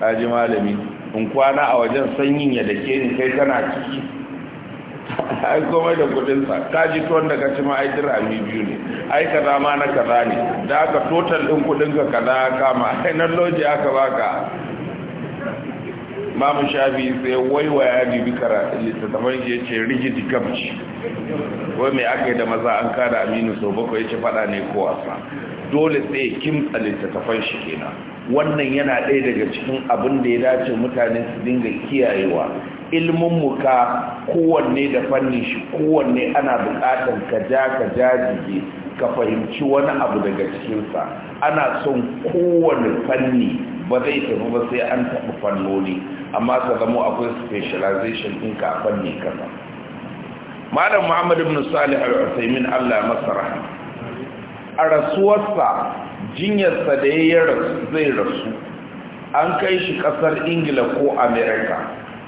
[SPEAKER 2] haji <laughs> malami in kwana a wajen sanyin ya dake ni kai kana ciki <laughs> ai komai da kudin sa ka ji ton da ka ci ma ai mi biyu ne ai kaza ma na kaza ne da aka total din kudin ka kaza kama ai nan loji aka baka mamu shafi sai waiwaya bibi karatun littattafan shi ya ce rigid gabci wai mai aka yi da maza an kada aminu sau bakwai ya ce fada ne ko wasa dole sai kimtsa littattafan shi kenan wannan yana ɗaya daga cikin abin da ya dace mutane su dinga kiyayewa Ilmin muka, kowanne da fannin shi kowanne ana buƙatar ka ja ka jajige ka fahimci wani abu daga cikinsa ana son kowanne fanni ba zai tafi ba sai an taɓa fannoni amma ka zamo akwai specialization in a fanni kasa malam muhammadu ibn salih al-usaimin allah masa rahim a rasuwarsa jinyarsa da ya yi zai rasu an kai shi kasar ingila ko america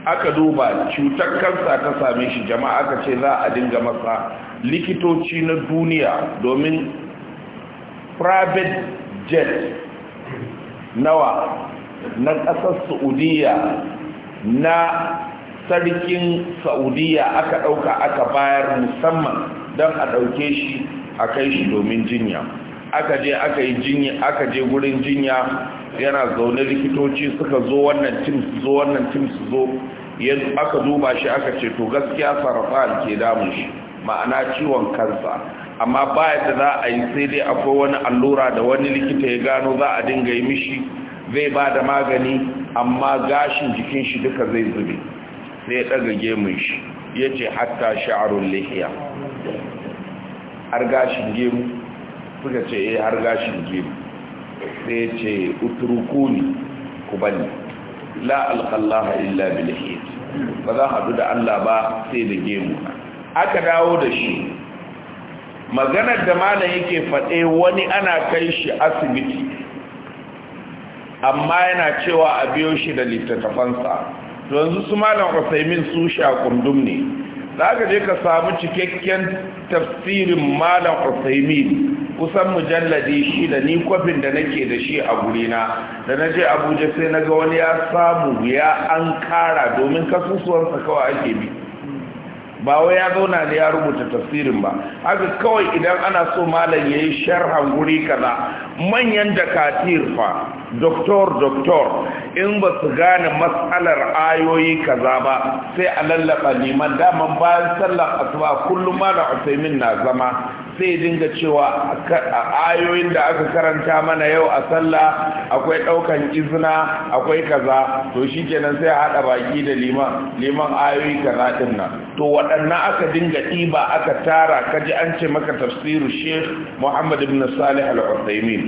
[SPEAKER 2] aka duba cutar kansa ta same shi jama'a aka ce za a dinga masa likitoci na duniya domin private jet nawa na ƙasar saudiya na sarkin saudiya aka ɗauka aka bayar musamman don a ɗauke shi a kai shi domin jinya aka je aka yi jinya aka je gurin jinya yana zaune likitoci suka zo wannan tim su zo wannan tim zo yanzu aka duba shi aka ce to gaskiya sarrafa ke damun shi ma'ana ciwon kansa amma ba yadda za a yi sai dai akwai wani allura da wani likita ya gano za a dinga yi mishi zai ba da magani amma gashin jikin shi duka zai zube sai ya daga gemun shi ya ce hatta sha'arun lihiya har gashin gemu suka ce eh har gashin gemu sai ce uturukuni ku bani la alqallaha illa bilhiya ba za a da Allah ba sai da gemu aka dawo da shi maganar da malam yake faɗe wani ana kai shi asibiti amma yana cewa a biyo shi da littattafansa yanzu su malam usaimin su kundum ne za ka je ka samu cikakken tafsirin malam usaimin kusan mujalladi shi da ni kwafin da nake da shi a gurina da na je abuja sai na ga wani ya samu ya an kara domin kasusuwansa kawai ake bi ba wai ya zauna ne ya rubuta tafsirin ba haka kawai idan ana so malam ya yi sharhan guri kaza manyan dakatir fa doktor doktor in ba su gane matsalar ayoyi kaza ba sai a lallaba liman daman bayan sallar asuba kullum da usaimin na zama sai dinga cewa a ayoyin da aka karanta mana yau a sallah akwai daukan izina akwai kaza to shikenan sai a hada baki da liman liman ayoyi kaza din nan to waɗannan aka dinga ɗiba aka tara kaji an ce maka tafsiru sheikh muhammad ibn salih al-usaimin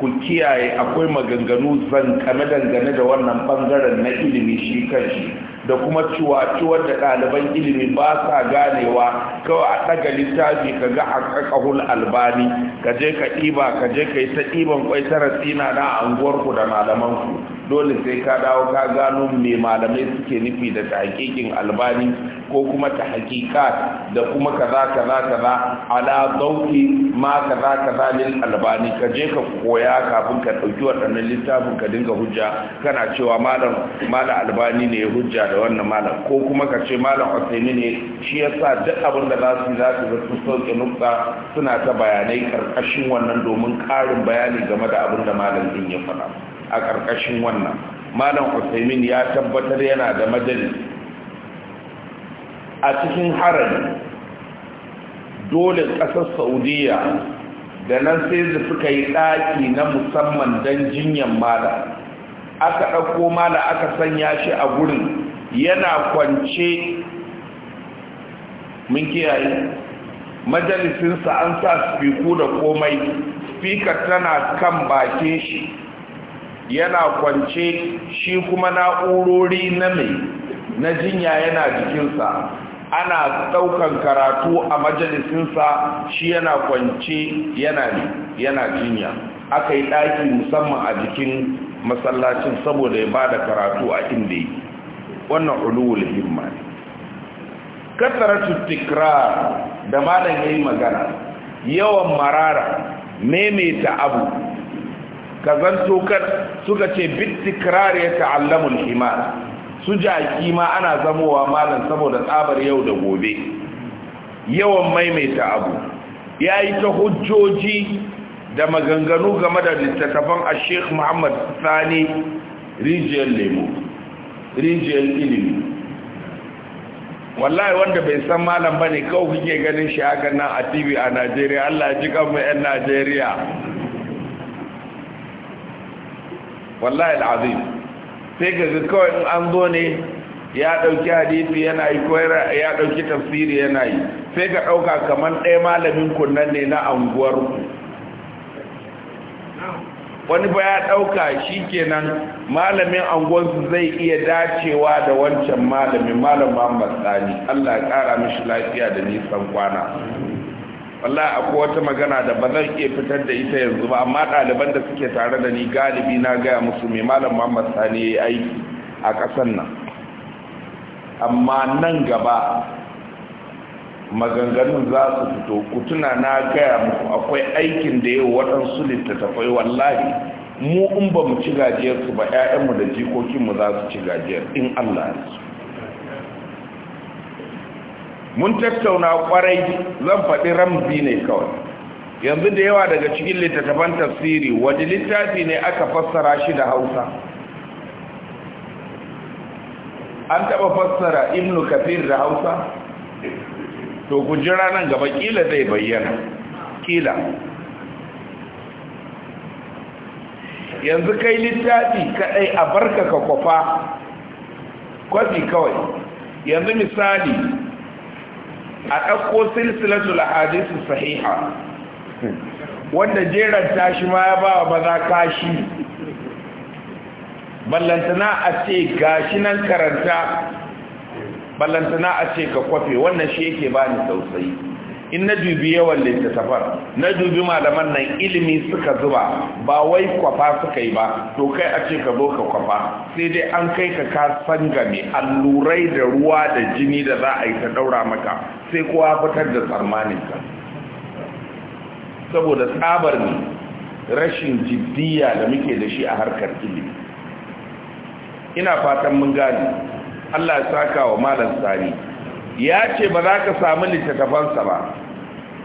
[SPEAKER 2] ku kiyaye akwai maganganu zankane dangane da wannan bangaren na ilimi shi kanshi da kuma ciwon da ɗaliban ilimi ba sa ganewa kawai a ɗaga littafi ka ga a ƙaƙahul albani ka je ka ɗiba ka je ka yi ta ɗiban kwai ta tsina na anguwarku da malamanku dole sai ka dawo ka gano me malamai suke nufi da ta hakikin albani ko kuma ta hakika da kuma kaza kaza kaza ala ɗauki ma kaza kaza lil albani ka je ka koya ya kafin ka ɗauki waɗannan littafin ka dinga hujja kana cewa malam malam albani ne ya hujja da wannan malam ko kuma ka ce malam usaimi ne shi ya sa duk abin da za su za su su sauke nukta suna ta bayanai ƙarƙashin wannan domin ƙarin bayani game da abin da malam din ya faɗa a ƙarƙashin wannan malam usaimin ya tabbatar yana da majalis a cikin harari dole ƙasar saudiya da nan sai da suka yi ɗaki na musamman don jinyan mala aka ɗauko mala aka sanya shi a gurin yana kwance mun kiyaye majalisinsa an sa spiku da komai spikar tana kan bakin shi yana kwance shi kuma na'urori na mai na jinya yana jikinsa ana ɗaukan karatu a majalisinsa shi yana kwance yana yana jinya aka yi ɗaki musamman a jikin masallacin saboda ya bada karatu a inda yi wannan uluwul himma ne kasaratu tikrar da malam yayi magana yawan marara maimaita abu kazanto kan suka ce bit tikrar ya ta'allamul himma su jaki ma ana zamowa malam saboda tsabar yau da gobe yawan maimaita abu ya yi ta hujjoji da maganganu game da littattafan a sheikh muhammad sani rijiyar lemo rijiyar ilimi wallahi wanda bai san malam ba ne kawai kuke ganin shi hakan nan a tv a najeriya allah ji kanmu 'yan najeriya wallahi al'azim sai ga kawai in an zo ne ya ɗauki hadisi yana yi ko ya ɗauki tafsiri yana yi sai ka ɗauka kamar ɗaya malamin kunnan ne na anguwar wani ba ya ɗauka shi kenan malamin anguwarsu zai iya dacewa da wancan malamin malam muhammad sani allah ya kara mishi lafiya da nisan kwana wallahi akwai wata magana da ba zan iya fitar da ita yanzu ba amma ɗaliban da suke tare da ni galibi na gaya musu mai malam muhammad sani ya yi aiki a kasan nan amma nan gaba maganganun za su fito ku tuna na gaya musu akwai aikin da yau waɗansu littattafai wallahi mu in ba mu ci gajiyarsu ba 'ya'yanmu da jikokinmu za su ci gajiyar in allah ya su mun tattauna kwarai zan faɗi ramzi ne kawai yanzu da yawa daga cikin littattafan tafsiri wani littafi ne aka fassara shi da hausa an taɓa fassara ibnu kafir da hausa to ku jira nan gaba kila zai bayyana kila yanzu kai littafi kaɗai a barka ka kwafa kwafi kawai yanzu misali a ɗauko silsilatul hadisu sahiha wanda jeranta tashi ma ya ba wa maza kashi ballantana a ce gashi nan karanta ballantana a ce ka kwafe wannan shi yake ba ni in na dubi yawan littattafan na dubi malaman nan ilimi suka zuba ba wai kwafa suka yi ba to kai a ce ka zo ka kwafa sai dai an kai ka ka san game allurai da ruwa da jini da za a yi ta daura maka sai kowa fitar da tsammanin ka saboda tsabar ne rashin jiddiya da muke da shi a harkar ilimi ina fatan mun gane Allah ya saka wa malam sani ya ce ba za ka samu littattafansa ba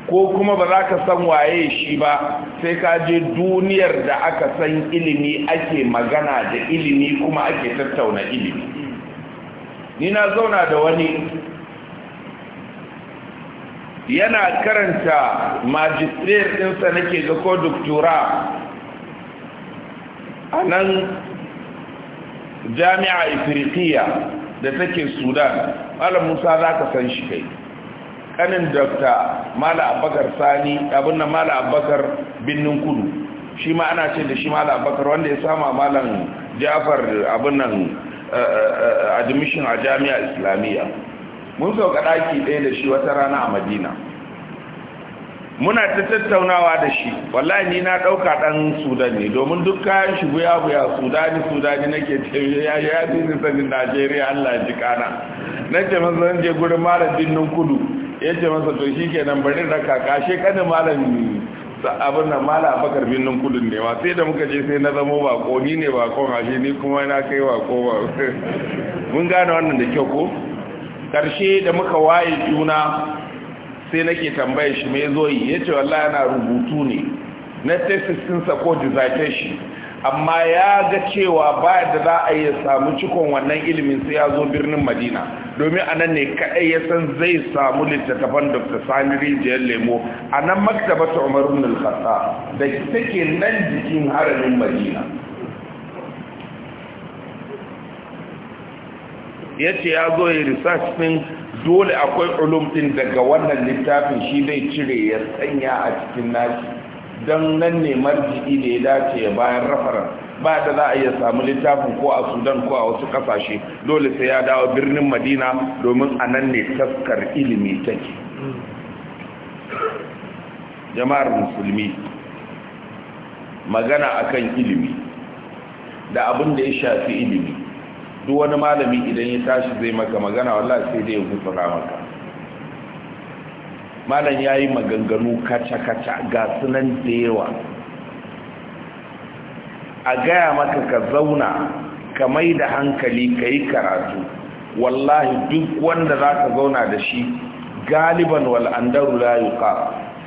[SPEAKER 2] ko kuma ba za ka san waye shi ba sai ka je duniyar da aka san ilimi ake magana da ilimi kuma ake tattauna ilimi ni na zauna da wani yana karanta magistrate ɗinsa nake ga ko doktora a nan jami'a ifirikiya da take sudan malam musa za ka san shi kai kanin dokta malam abakar sani abin da malam abakar binnin kudu shi ma ana ce da shi malam abakar wanda ya sama malam jafar abin nan eh, eh, eh, admission a jami'a islamiyya mun sauka ɗaki ɗaya da shi wata rana a madina muna ta tattaunawa da shi wallahi ni na ɗauka ɗan sudan ne domin duk kayan shi buya buya sudani sudani nake tare ya ya fi sanin najeriya allah ji kana na ce masa zan je gurin malam binnin kudu yace masa to shi kenan bari raka kashe kanin malam abin nan malam abakar binnin kudu ne wa sai da muka je sai na zamo ko ni ne ko ashe ni kuma na kai ko ba <laughs> mun gane wannan da kyau ko karshe da muka waye juna sai nake tambayar shi mai zoyi ya ce yana rubutu ne na thesis ɗinsa ko shi amma ya ga cewa ba da za a yi samu cikon wannan ilimin sai ya zo birnin madina domin a nan ne kaɗai ya san zai samu littattafan dr sani rijiyar lemo a nan ta umarun nulkasa da take nan jikin haramin madina ya ce ya zo yi research ɗin dole akwai ulum din daga wannan littafin shi zai cire ya sanya a cikin nashi don nan ne marji'i da ya dace ya bayan rafaran ba da za a iya samu littafin ko a sudan ko a wasu kasashe dole sai ya dawo birnin madina domin a nan ne taskar ilimi take jama'ar musulmi magana akan ilimi da abin da ya shafi ilimi duk wani malami idan ya tashi zai maka magana wallahi sai dai ya gutsura maka malam ya yi maganganu kaca-kaca ga sunan da yawa a gaya maka ka zauna ka mai da hankali ka yi karatu wallahi duk wanda za ka zauna da shi galiban wal'andaru layuka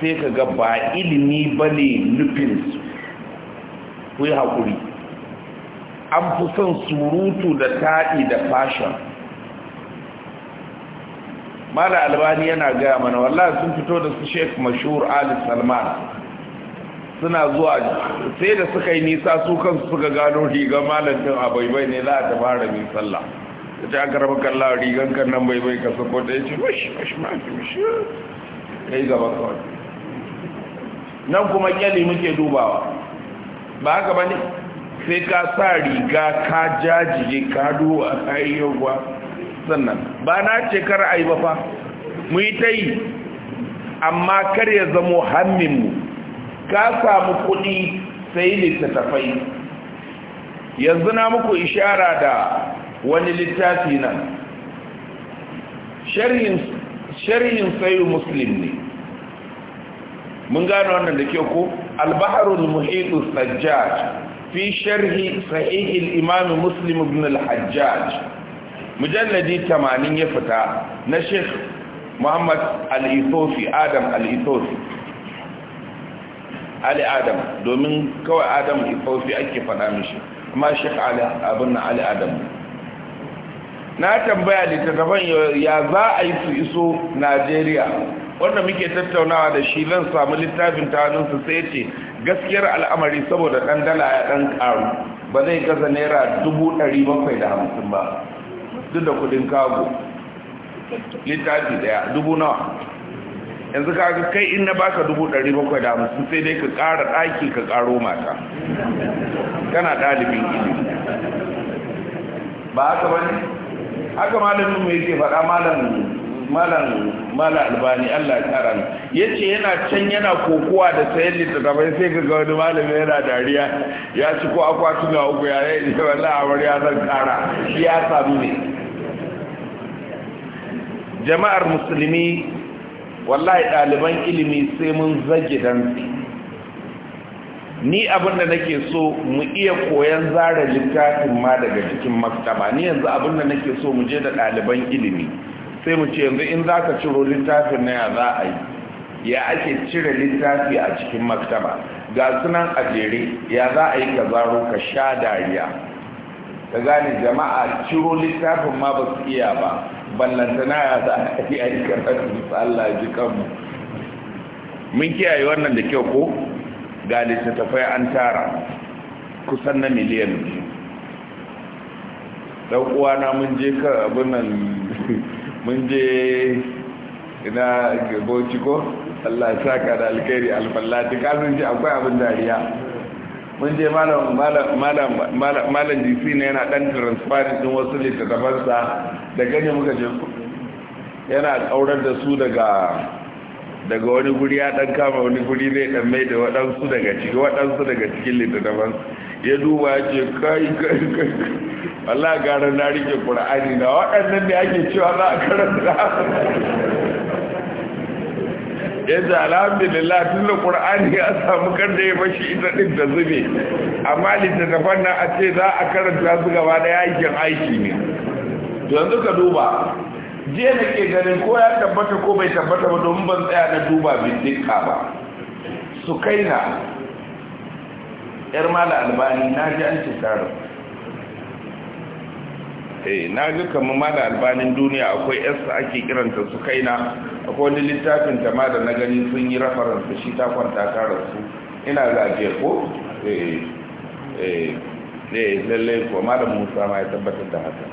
[SPEAKER 2] sai ka ga ba ilimi ba ne nufinsu ku yi haƙuri an fi son surutu da taɗi da fashon mala albani yana gaya mana wallah sun fito da su sheik mashur ali salman suna zuwa sai da suka yi nisa su kan su suka gano rigar malantin a baibai ne za a ta fara min sallah ta ce aka raba kalla rigar kan nan baibai ka sako ta ce mashi mashi mashi mashi kai gaba kawai nan kuma kyali muke dubawa ba haka ba ne sai ka sa riga ka jajiye ka duwa a kayyarwa sannan ba na ce kar a yi ba fa mu yi ta yi amma kar ya zamo hamminmu ka samu kuɗi sai littattafai yanzu na muku ishara da wani littafi nan sharhin sayu muslim ne mun gano wannan da ke ko albaharul muhitus sajjaj في شرح صحيح الإمام مسلم بن الحجاج مجلدي تمانين يفتى نشيخ محمد الإيثوفي آدم الإيثوفي Ali Adam domin kawai Adam Ifofi ake faɗa mishi amma Sheikh Ali abin na na tambaya littattafan ya za a yi su iso Najeriya wanda muke tattaunawa da shi zan samu littafin ta su sai ce gaskiyar al'amari saboda ɗan dala ya ɗan ƙaru ba zai gaza naira dubu ɗari bakwai da hamsin ba duk da kudin kago littafi ɗaya dubu nawa yanzu kaga kai in na baka dubu ɗari bakwai da hamsin sai dai ka ƙara ɗaki ka ƙaro mata kana ɗalibin ilimi ba haka ba ne haka malamin mai ke faɗa malamin malam mala albani Allah ya kara ya ce yana can yana kokowa da sayan littattafai sai ka ga wani malami yana dariya ya ci ko akwati na uku ya yi da wallahi amar ya zan kara ya samu ne jama'ar musulmi wallahi ɗaliban ilimi sai mun zage dan ni abin da nake so mu iya koyan zara littafin ma daga cikin maktaba ni yanzu abin da nake so mu je da ɗaliban ilimi sai mu ce yanzu in za ka ciro littafin na ya za a yi ya ake cire littafi a cikin maktaba ga sunan a jere ya za a yi ka zaro ka sha dariya ka gane jama'a ciro littafin ma ba su iya ba ballantana ya za a yi a yi Allah ji kanmu mun kiyaye wannan da kyau ko ga littattafai an tara kusan na miliyan biyu ɗan uwana mun je ka abin nan <laughs> mun je ina bauchi ko Allah ya saka da alkhairi alfallati kasan ji akwai abin dariya mun je malam malam dc ne yana dan transparent din wasu littattafansa da gani muka je yana kaurar da su daga daga wani guri ya dan kama wani guri zai dan mai da waɗansu daga ciki waɗansu daga cikin littattafan ya duba ya ce kai kai kai Allah gara na rike Qur'ani na waɗannan ne ake cewa za a karanta yadda alhamdulillah tun da ƙur'ani ya samu kan da ya bashi ita din da zube amma littattafan nan a ce za a karanta su gaba da yakin aiki ne yanzu ka duba je na ke ganin ko ya tabbata ko bai tabbata ba domin ban tsaya na duba bindika ba su kai na yar mala albani na ji an ce eh na ji kamar mala albanin duniya akwai yarsa ake kiranta su kai na akwai wani littafin ta ma da na gani sun yi da shi ta kwanta karar su ina zagiyar ko eh, eh eh lallai ko malam musa ma ya tabbatar da haka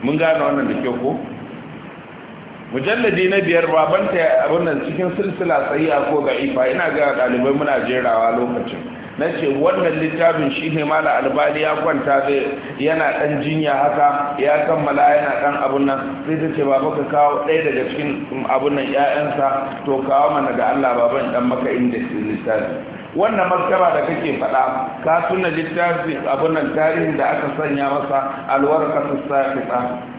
[SPEAKER 2] mun gane wannan da kyau ko mujalladi na biyar babanta abin nan cikin silsila sahiha ko ifa. ina ga ɗalibai muna jerawa lokacin na ce wannan littafin shi ne mala albali ya kwanta zai yana dan jinya haka ya kammala yana dan abun nan sai ta ce baba ka kawo ɗaya daga cikin abun nan ya'yansa to kawo mana ga Allah baban dan maka inda shi littafi wannan maskara da kake faɗa ka tuna littafi abun nan tarihin da aka sanya masa alwarqatu saqiqa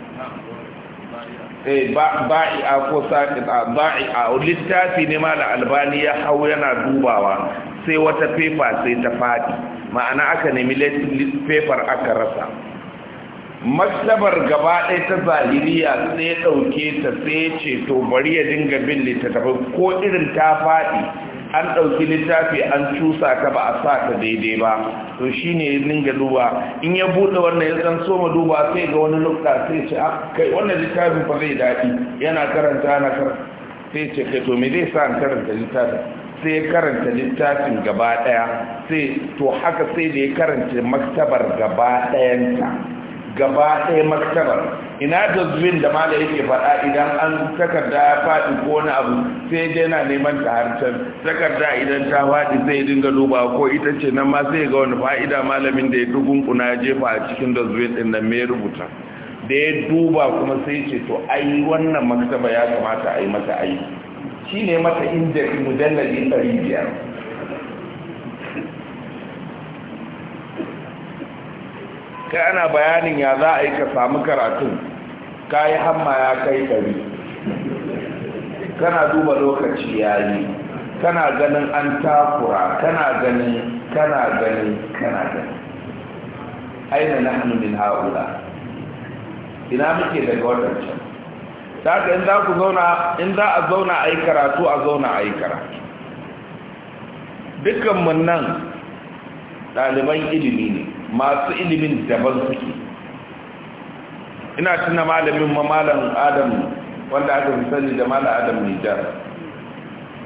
[SPEAKER 2] Eh, ba'i'a ko saƙiƙa ba'i'a littafi ne ma da albani ya hau yana dubawa sai wata fefa sai ta faɗi ma'ana aka nemi fefar aka rasa maslabar gaba ɗaya ta zahiriya sai ɗauke ta sai ce to bari ya dinga bin littattafai ko irin ta faɗi an ɗauki littafi an cusa ka ba a sa ka daidai ba to shi ne ya dinga duba in ya buɗe wannan ya san so ma duba sai ga wani nukta sai ce a ah, kai wannan littafin fa zai daɗi yana karanta na kar sai ce kai to me zai sa an karanta littafin sai ya karanta littafin gaba ɗaya sai to haka sai da ya karanta maktabar gaba ɗayanta gaba ɗaya maktabar ina da zuwin da mala yake faɗa idan an takarda ya faɗi ko wani abu sai dai na neman ta harcen takarda idan ta faɗi sai dinga duba ko ita ce nan ma sai ga wani fa'ida malamin da ya dugunkuna ya jefa a cikin da zuwin ɗin nan mai rubuta da ya duba kuma sai ce to ai wannan maktaba ya kamata a yi mata aiki shine ne mata inda mujallali ɗari biyar kai ana bayanin ya za a yi ka samu karatun ka yi hamma ya kai ɗari kana duba lokaci ya yi kana ganin an takura kana ganin kana ganin kana ganin aina na hannun haula ina muke daga wadancan ta haka in za ku zauna in za a zauna a yi karatu a zauna a yi karatu dukkanmu nan ɗaliban ilimi ne masu ilimin daban suke ina tuna malamin mamalan adam wanda aka fi sani da malam adam nijar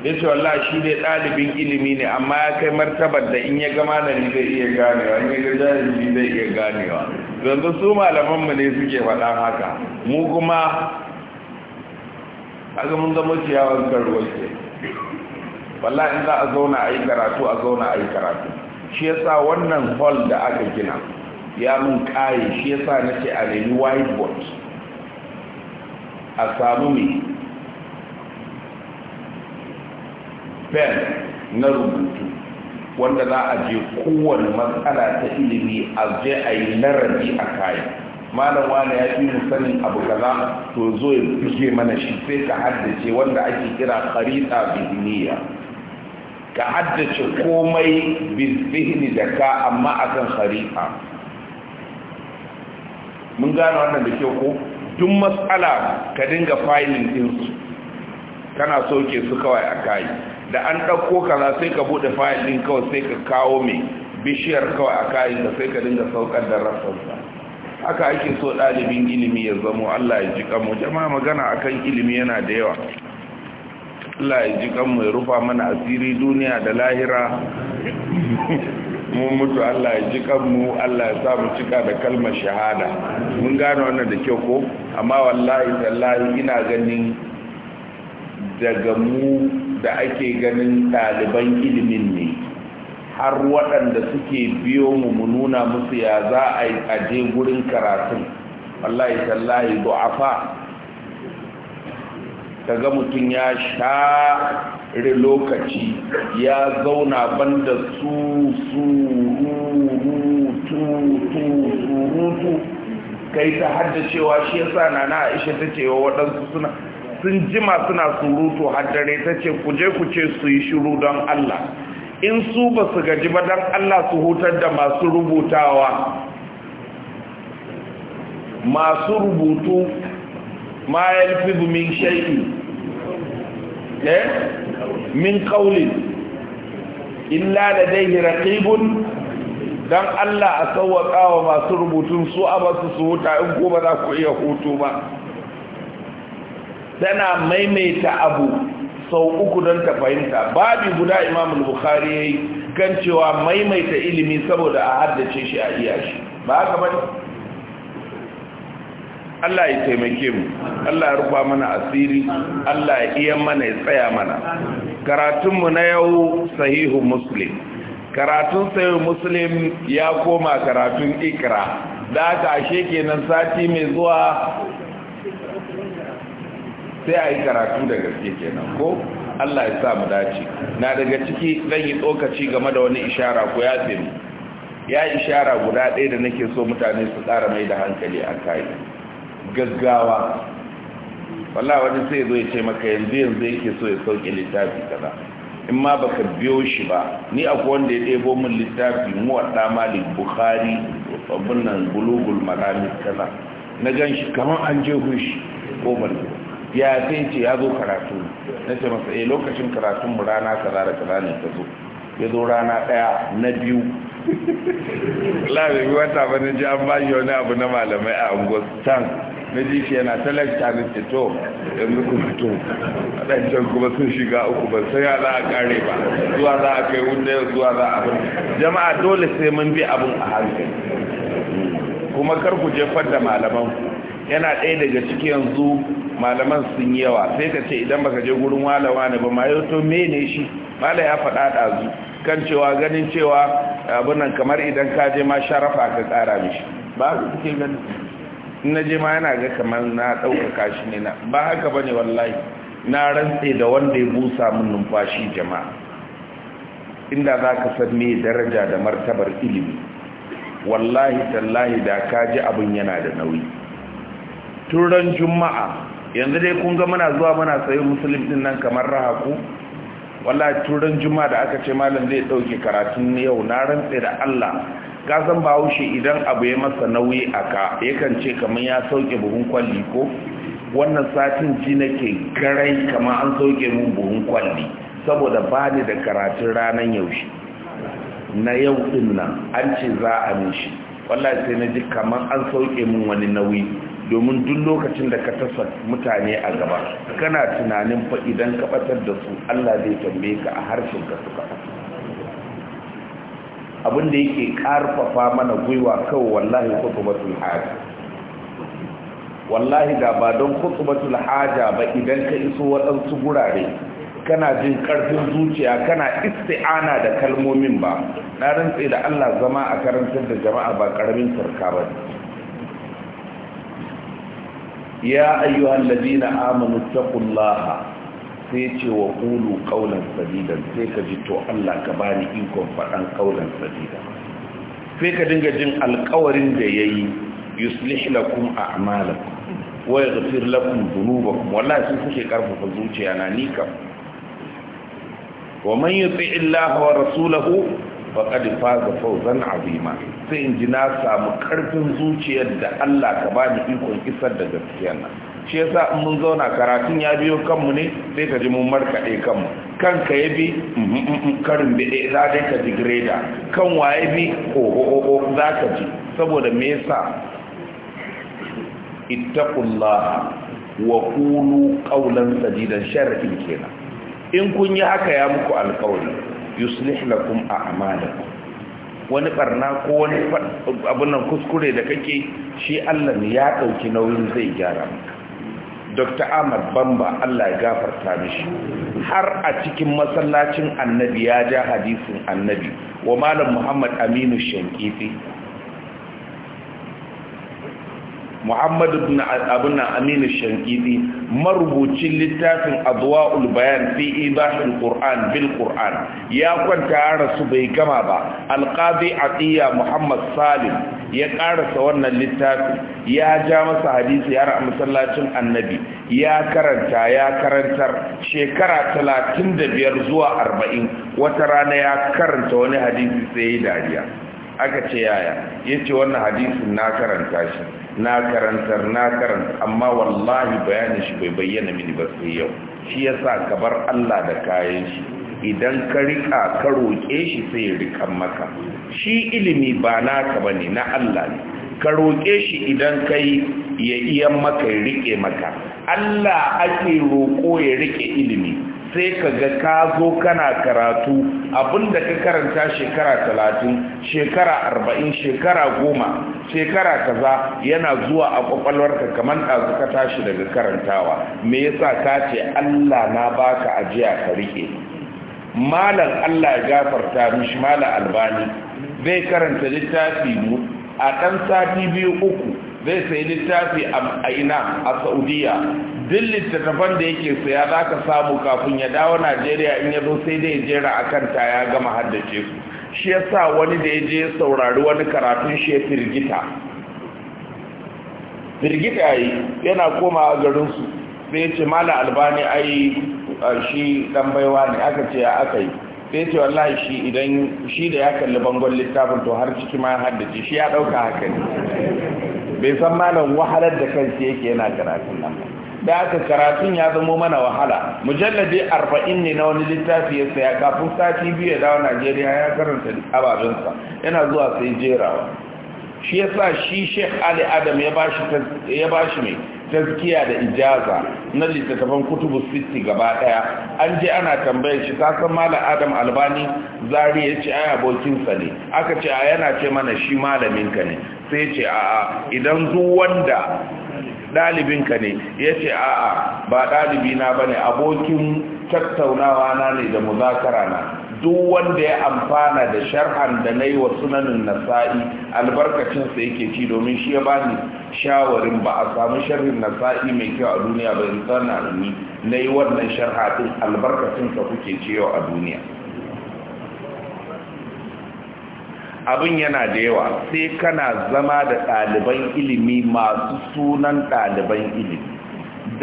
[SPEAKER 2] ya ce wallah shi dai ɗalibin ilimi ne amma ya kai martabar da in ya ga ni zai iya ganewa in ya ga jahilci zai iya ganewa yanzu su malamanmu ne suke faɗan haka mu kuma aka mun zama ciyawar karuwa ke wallah in za a zauna a yi karatu a zauna a yi karatu shi yasa wannan hall da aka gina ya mun kare shi yasa nake a nemi whiteboard a samu mai pen na rubutu wanda za a je kowane matsala ta ilimi a je a yi larabi a kayan malam wani ya fi sanin abu kaza to zo ya buge mana shi sai ka haddace wanda ake kira karita bidiniya ka haddace komai bizihni da ka amma akan khari'a mun gano wannan da kyau ko duk matsala ka dinga filin ɗinsu kana soke su kawai a kayi da an ɗauko kaza sai ka buɗe filin kawai sai ka kawo mai bishiyar kawai a kayi da sai ka dinga saukar da rafarsa haka ake so ɗalibin ilimi ya zamo allah ya ji kamo jama'a magana akan ilimi yana da yawa Allah ya ji kan ya rufa mana asiri duniya da lahira mun mutu Allah ya ji kanmu Allah ya sa mu cika da kalmar shahada mun gane wannan da kyau ko amma wallahi tallahi ina ganin daga mu da ake ganin ɗaliban ilimin ne har waɗanda suke biyo mu mu nuna musu ya za a je gurin karatun wallahi tallahi du'afa kaga mutum ya share lokaci ya zauna banda su su rutu kai ta cewa shi ya na na aisha ta cewa waɗansu suna sun jima suna surutu haddare ta ce ku je ku ce su yi shiru don Allah in su ba su gaji ba don Allah su hutar da masu rubutawa masu rubutu ما shaiɗi. من شيء من قول إلا لديه رقيب dan Allah a sauwaƙa wa masu rubutun su a basu su huta in ko ba za ku iya hutu ba tana maimaita abu sau uku don ta fahimta babi guda imam bukhari yi. kan cewa maimaita ilimi saboda a haddace shi a iya shi ba haka ne Allah ya taimake mu Allah ya rufa mana asiri Allah ya iya mana ya tsaya mana karatunmu na yau sahihu muslim karatun sahihu muslim ya koma karatun ikra da aka ashe kenan sati mai zuwa sai a karatu da gaske kenan ko Allah ya sa mu dace na daga ciki zan yi tsokaci game da wani ishara ko ya ya ishara guda ɗaya da nake so mutane su tsara mai da hankali a kai gaggawa wallah wani sai zo ya ce maka yanzu yanzu yake so ya sauke littafi kaza in ma baka biyo shi ba ni akwai wanda ya ɗebo min littafi mu ɗa malik bukhari abin nan bulugul marami kaza na gan shi kamar an je hushi ko barzo ya sai ce ya zo karatu na ce masa eh lokacin karatun mu rana kaza da kaza ne ta zo ya zo rana ɗaya na biyu labirin wata ba na ji an ba yi wani abu na malamai a angostan na ji shi yana talakta na ce to yanzu kuma to can kuma sun shiga uku ba sai ya za a kare ba zuwa za a kai wunda zuwa za a abin jama'a dole sai mun bi abin a hankali kuma kar ku jefar da malaman yana ɗaya daga ciki yanzu malaman sun yi yawa sai ka ce idan baka je gurin walawa ne ba ma yau to mene shi mala ya faɗa ɗazu kan cewa ganin cewa abunan kamar idan ka je ma sharafa ka kara mishi ba haka kuke gani na je ma yana ga kamar na ɗaukaka shi ne na ba haka ba wallahi na rantse da wanda ya busa min numfashi jama'a inda za ka san me daraja da martabar ilimi wallahi tallahi da ka ji abin yana da nauyi turan juma'a yanzu dai kun ga muna zuwa muna sayo musulmin din nan kamar rahaku wallahi turan juma'a da aka ce malam zai dauke karatun yau na rantse da Allah gasan bahaushe idan abu ya masa nauyi aka yakan ce kaman ya sauke buhun kwalli ko wannan satin ji nake garai kamar an sauke mun buhun kwalli saboda ba ni da karatun ranar yaushe na yau din nan an ce za a mishi wallahi sai na ji kamar an sauke mun wani nauyi domin duk lokacin da ka tasa mutane a gaba kana tunanin fa idan ka batar da su Allah zai tambaye ka a harshen ka suka abin da yake karfafa mana gwiwa kawai wallahi kutubatul haja wallahi da ba don kutubatul haja ba idan ka iso waɗansu gurare kana jin karfin zuciya kana isti'ana da kalmomin ba na rantse da Allah zama a karantar da jama'a ba karamin sarka ba ne ya ayyuhan ladina amanu taqullaha sai ce wa qulu qawlan sadida sai ka ji to Allah ka bani ikon fadan qawlan sadida sai ka dinga jin alƙawarin da yayi yuslih lakum a'malakum wa yaghfir lakum dhunubakum wallahi sai kuke karfafa zuciya na ni kam wa man yuti illaha wa rasulahu faƙad faza fauzan azima sai in ji na samu ƙarfin zuciyar da Allah ka bani ikon isar da gaskiyar na. shi yasa in mun zauna karatun ya biyo kanmu ne sai ka ji mun markaɗe kanmu kanka ya bi mm, mm, mm, karin bide za dai ka ji greda kan waye bi ko oh, oh, oh, za ka ji saboda me yasa ittaqullah wa qulu qawlan sadida shar'in kenan in kun yi haka ya muku alƙawari yuslih lakum a'malakum wani barna ko wani abun nan kuskure da kake shi Allah ne ya dauki nauyin zai gyara maka Dr. Ahmad Bamba Allah ya gafarta mishi har a cikin masallacin Annabi ya ja hadisin Annabi wa Malam Muhammad Aminu Shankifi muhammadu bin abin aminu shankidi marubucin littafin adwa'ul bayan fi ibahin qur'an bil qur'an ya kwanta ya rasu bai gama ba alqadi atiya muhammad salim ya karasa wannan littafin ya ja masa hadisi ya ra'a masallacin annabi ya karanta ya karantar shekara 35 zuwa 40 wata rana ya karanta wani hadisi sai ya dariya aka ce yaya yace wannan hadisin na karanta shi na karantar na karanta amma wallahi bayanin shi bai bayyana mini ba sai yau shi yasa ka bar Allah da kayan shi idan ka rika ka roƙe shi sai ya rika maka shi ilimi ba naka bane na Allah ne ka roƙe shi idan kai ya iya maka ya rike maka Allah ake roƙo ya rike ilimi sai ka ga ka zo kana karatu abinda ka karanta shekara talatin shekara arba'in shekara goma shekara kaza yana zuwa a kwakwalwarka kamar ɗazu ka tashi daga karantawa me yasa ka ce allah na baka ajiya ka riƙe malam allah ya gafarta mishi malam albani zai karanta littafi mu a ɗan sati biyu uku zai sayi littafi a ina a saudiya duk littattafan da yake saya za ka samu kafin ya dawo najeriya in ya zo sai dai jera a kanta ya gama haddace su shi ya sa wani da ya je saurari wani karatun shi ya firgita firgita yi yana koma a garinsu sai ya ce mala albani yi shi dan baiwa ne aka ce ya aka yi sai ce wallahi shi idan shi da ya kalli bangon littafin to har ciki ma haddace shi ya dauka haka
[SPEAKER 3] ne bai
[SPEAKER 2] san malam wahalar da kansa yake yana karatun nan da aka karatun ya zamo mana wahala mujalladi arba'in ne na wani littafi ya saya kafin sati biyu ya dawo Najeriya ya karanta ababensa yana zuwa sai jerawa shi sa shi shek Ali Adam ya bashi ya bashi mai taskiya da ijaza na littattafan kutubu sitti gaba daya an je ana tambayar shi ka san malam adam albani zari ya ce ai abokinsa ne aka ce a yana ce mana shi malaminka ne sai ce a'a idan duk wanda ɗalibinka ne ya ce a'a ba ɗalibina ba ne abokin tattaunawa na ne da muzakara na duk wanda ya amfana da sharhan da na yi wa sunanin nasa'i albarkacinsa yake ci domin shi ya bani shawarin ba a samu sharhin nasa'i mai kyau a duniya ba in ni na yi wannan sharha din albarkacin ka kuke cewa a duniya abin yana da yawa sai kana zama da ɗaliban ilimi masu sunan ɗaliban ilimi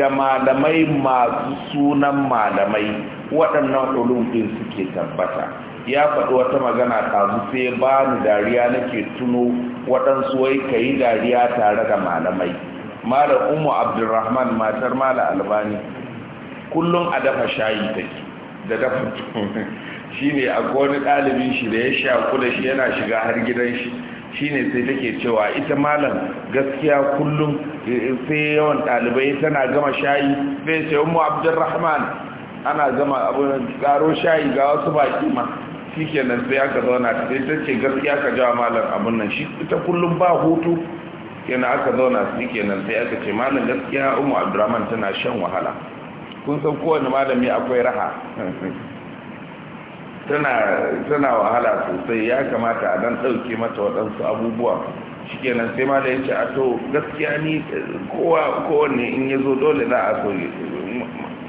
[SPEAKER 2] da malamai masu sunan malamai waɗannan ulum suke tabbata ya faɗi wata magana ɗazu sai ba ni dariya nake tuno waɗansu wai ka yi dariya tare da malamai malam umu abdulrahman matar malam albani kullum a dafa shayi take da dafa <laughs> shi ne a wani ɗalibin shi da ya sha kula shi yana shiga har gidan shi shi ne sai take cewa ita malam gaskiya kullum sai yawan ɗalibai tana gama shayi sai ce umu abdulrahman ana gama abin garo shayi ga wasu baki ma shi kenan sai aka zauna sai ta ce gaskiya ka jawa malam abin nan shi ita kullum ba hutu kenan aka zauna shi kenan sai aka ce malam gaskiya umu abdurrahman tana shan wahala kun san kowane malami akwai raha tana tana wahala sosai ya kamata a dan ɗauke mata waɗansu abubuwa shikenan sai malam ya yace a to gaskiya ni kowa kowanne in ya zo dole za a so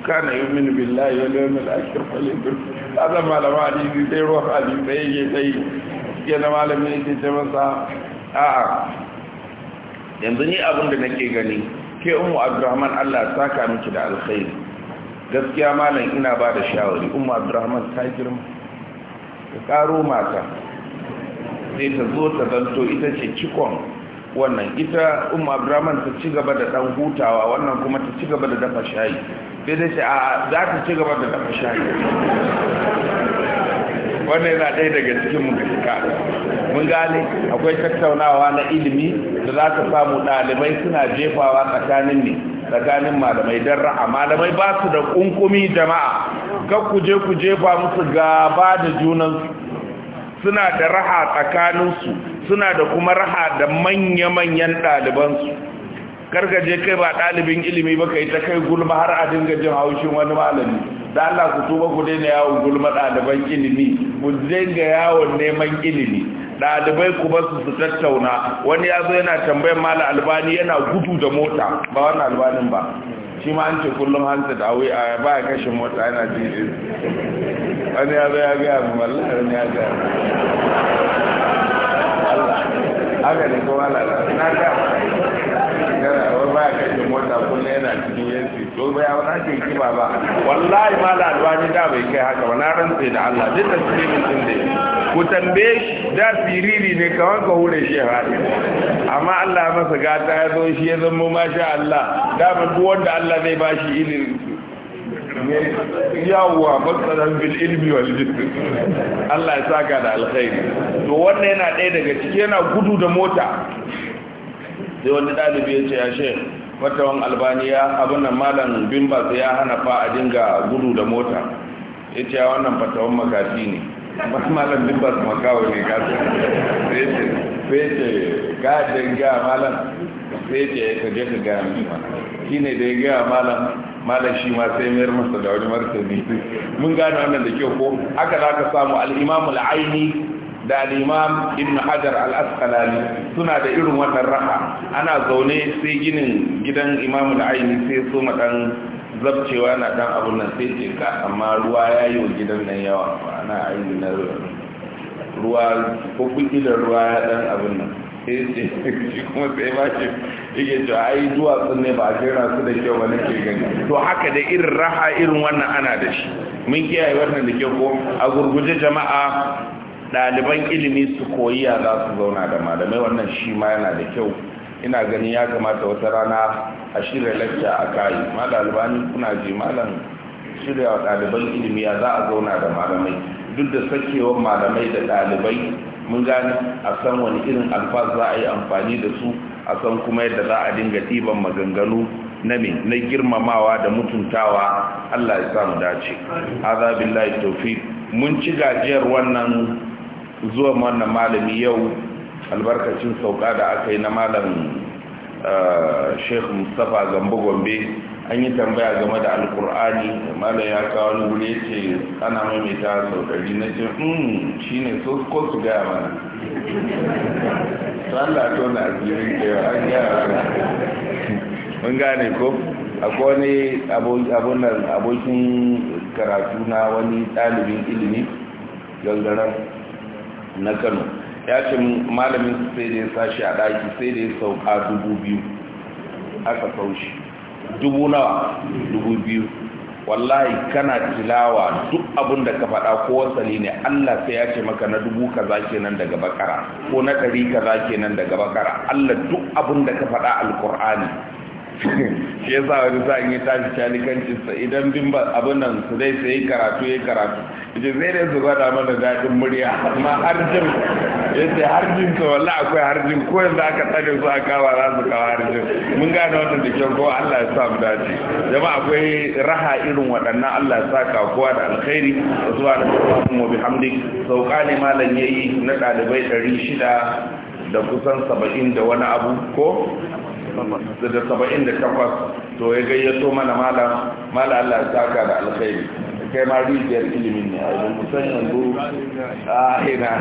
[SPEAKER 2] kana yu'minu billahi da wal yawmil akhir falyakun kaza malama hadisi sai ruwan hadisi zai sai na malamin yake ce masa a'a yanzu ni abin da nake gani ke umu abdurrahman Allah ta ka miki da alkhairi gaskiya malam ina ba da shawari umu abdurrahman ta girma ka karo mata sai ta zo ta zanto ita ce cikon wannan ita umu abdurrahman ta ci gaba da dan hutawa wannan kuma ta ci gaba da dafa shayi sai da a'a a za ta ci gaba da dafa shayi wannan yana ɗaya daga cikin mu ka mun gane akwai tattaunawa na ilimi da za ta samu ɗalibai suna jefawa tsakanin ne tsakanin malamai don ra'a malamai ba su da ƙunƙumi jama'a kan ku je ku jefa musu gaba da junansu suna da raha tsakaninsu suna da kuma raha da manya-manyan ɗalibansu je kai ba ɗalibin ilimi ba kai ta kai gulma har a dinga jin haushin wani malami da Allah ku tuba ku daina yawon gulma ɗaliban ilimi ku dinga yawon neman ilimi ɗalibai ku basu su tattauna wani ya zo yana tambayar mala albani yana gudu da mota ba wani albanin ba shi ma an ce kullum hanta da awi a ba ya kashe mota yana jin wani ya zo ya gaya mu wallahi wani ya gaya mu Allah haka ne ko wala na gaya dole ba ya wani ake kima ba wallahi ma da alwani da bai kai haka ba na rantse da Allah duk taslimin sun da ku tambaye shi da siriri ne kamar ka hure shi ya amma Allah ya masa gata ya zo shi ya zama masha Allah da ba duk wanda Allah zai ba shi ilimi yawwa matsalan bil ilmi wal jism Allah ya saka da alkhairi to wannan yana ɗaya daga ciki yana gudu da mota sai wani ɗalibi ya ce ya shehu fatawan albaniya abin nan malam bimbas ya hana fa a dinga gudu da mota ya ce wannan fatawan makafi ne malam bimbas makawo ne kasu sai ce gajin gaya malam sai ce ya eh, kaje ka gaya mai mana shi ne da ya gaya malam malam shi ma sai mayar masa da wani martani mun gane wannan da kyau ko haka za ka samu al'imamul aini da al-imam ibn hajar al-asqalani suna da irin wannan raha ana zaune sai ginin gidan imam al-aini sai so madan zabcewa na dan abun nan sai ce ka amma ruwa ya yi wa gidan nan yawa ana aini na ruwa ko kuɗi da ruwa ya dan abun nan sai ce <laughs> shi kuma sai ba shi yake ce ai sun ne ba a jera su da kyau ba ke gani to haka da irin raha irin wannan ana da shi mun kiyaye wannan da kyau ko a gurguje jama'a ɗaliban ilimi su koyi ya za su zauna da malamai wannan shi ma yana da kyau ina ganin ya kamata wata rana a shirya lacca a kayi ma ɗalibani kuna ji malam shirya wa ɗaliban ilimi ya za a zauna da malamai duk da sakewar malamai da ɗalibai mun gane a san wani irin alfaz za a yi amfani da su a san kuma yadda za a dinga ɗiban maganganu na me na girmamawa da mutuntawa Allah ya samu dace. Azza billahi tawfiq mun ci gajiyar wannan zuwa wannan malami yau albarkacin sauka da aka yi na malam eh, sheikh mustapha gambo gombe an yi tambaya game da alkur'ani malam ya kawo ni wuri ya ce ana maimaita sau saukari na ce hmm, shi ne so ko su gaya mana
[SPEAKER 3] tsalla to na asirin kewa an gaya mun gane
[SPEAKER 2] ko akwai wani abokin karatu na wani ɗalibin ilimi gangaren na kano ya ce malamin su sai da ya sashi a ɗaki sai da ya sauka dubu biyu aka saushi dubu nawa dubu biyu wallahi kana tilawa duk abin da ka faɗa ko wasali ne Allah sai ya ce maka na dubu ka kaza kenan daga bakara ko na ɗari kaza kenan daga bakara Allah duk abin da ka faɗa alkur'ani shi yasa wani sa'in ya tashi calikancinsa idan bin abin nan su dai sai karatu yi karatu ce zai dai su gwada mana daɗin murya amma har jin yace har jin sa akwai har jin ko yanzu aka tsare su a kawa za su kawo har jin mun gane wata da kyau ko Allah ya sa mu dace jama'a akwai raha irin waɗannan Allah ya sa ka kowa da alkhairi da zuwa da Allahumma bihamdik sauka ne malam ya yi na ɗalibai ɗari shida da kusan saba'in da wani abu ko da saba'in da takwas to ya gayyato mana mala mala Allah ya saka da alkhairi kai ma rijiyar ilimin ne a yi musamman bu
[SPEAKER 4] a
[SPEAKER 2] ina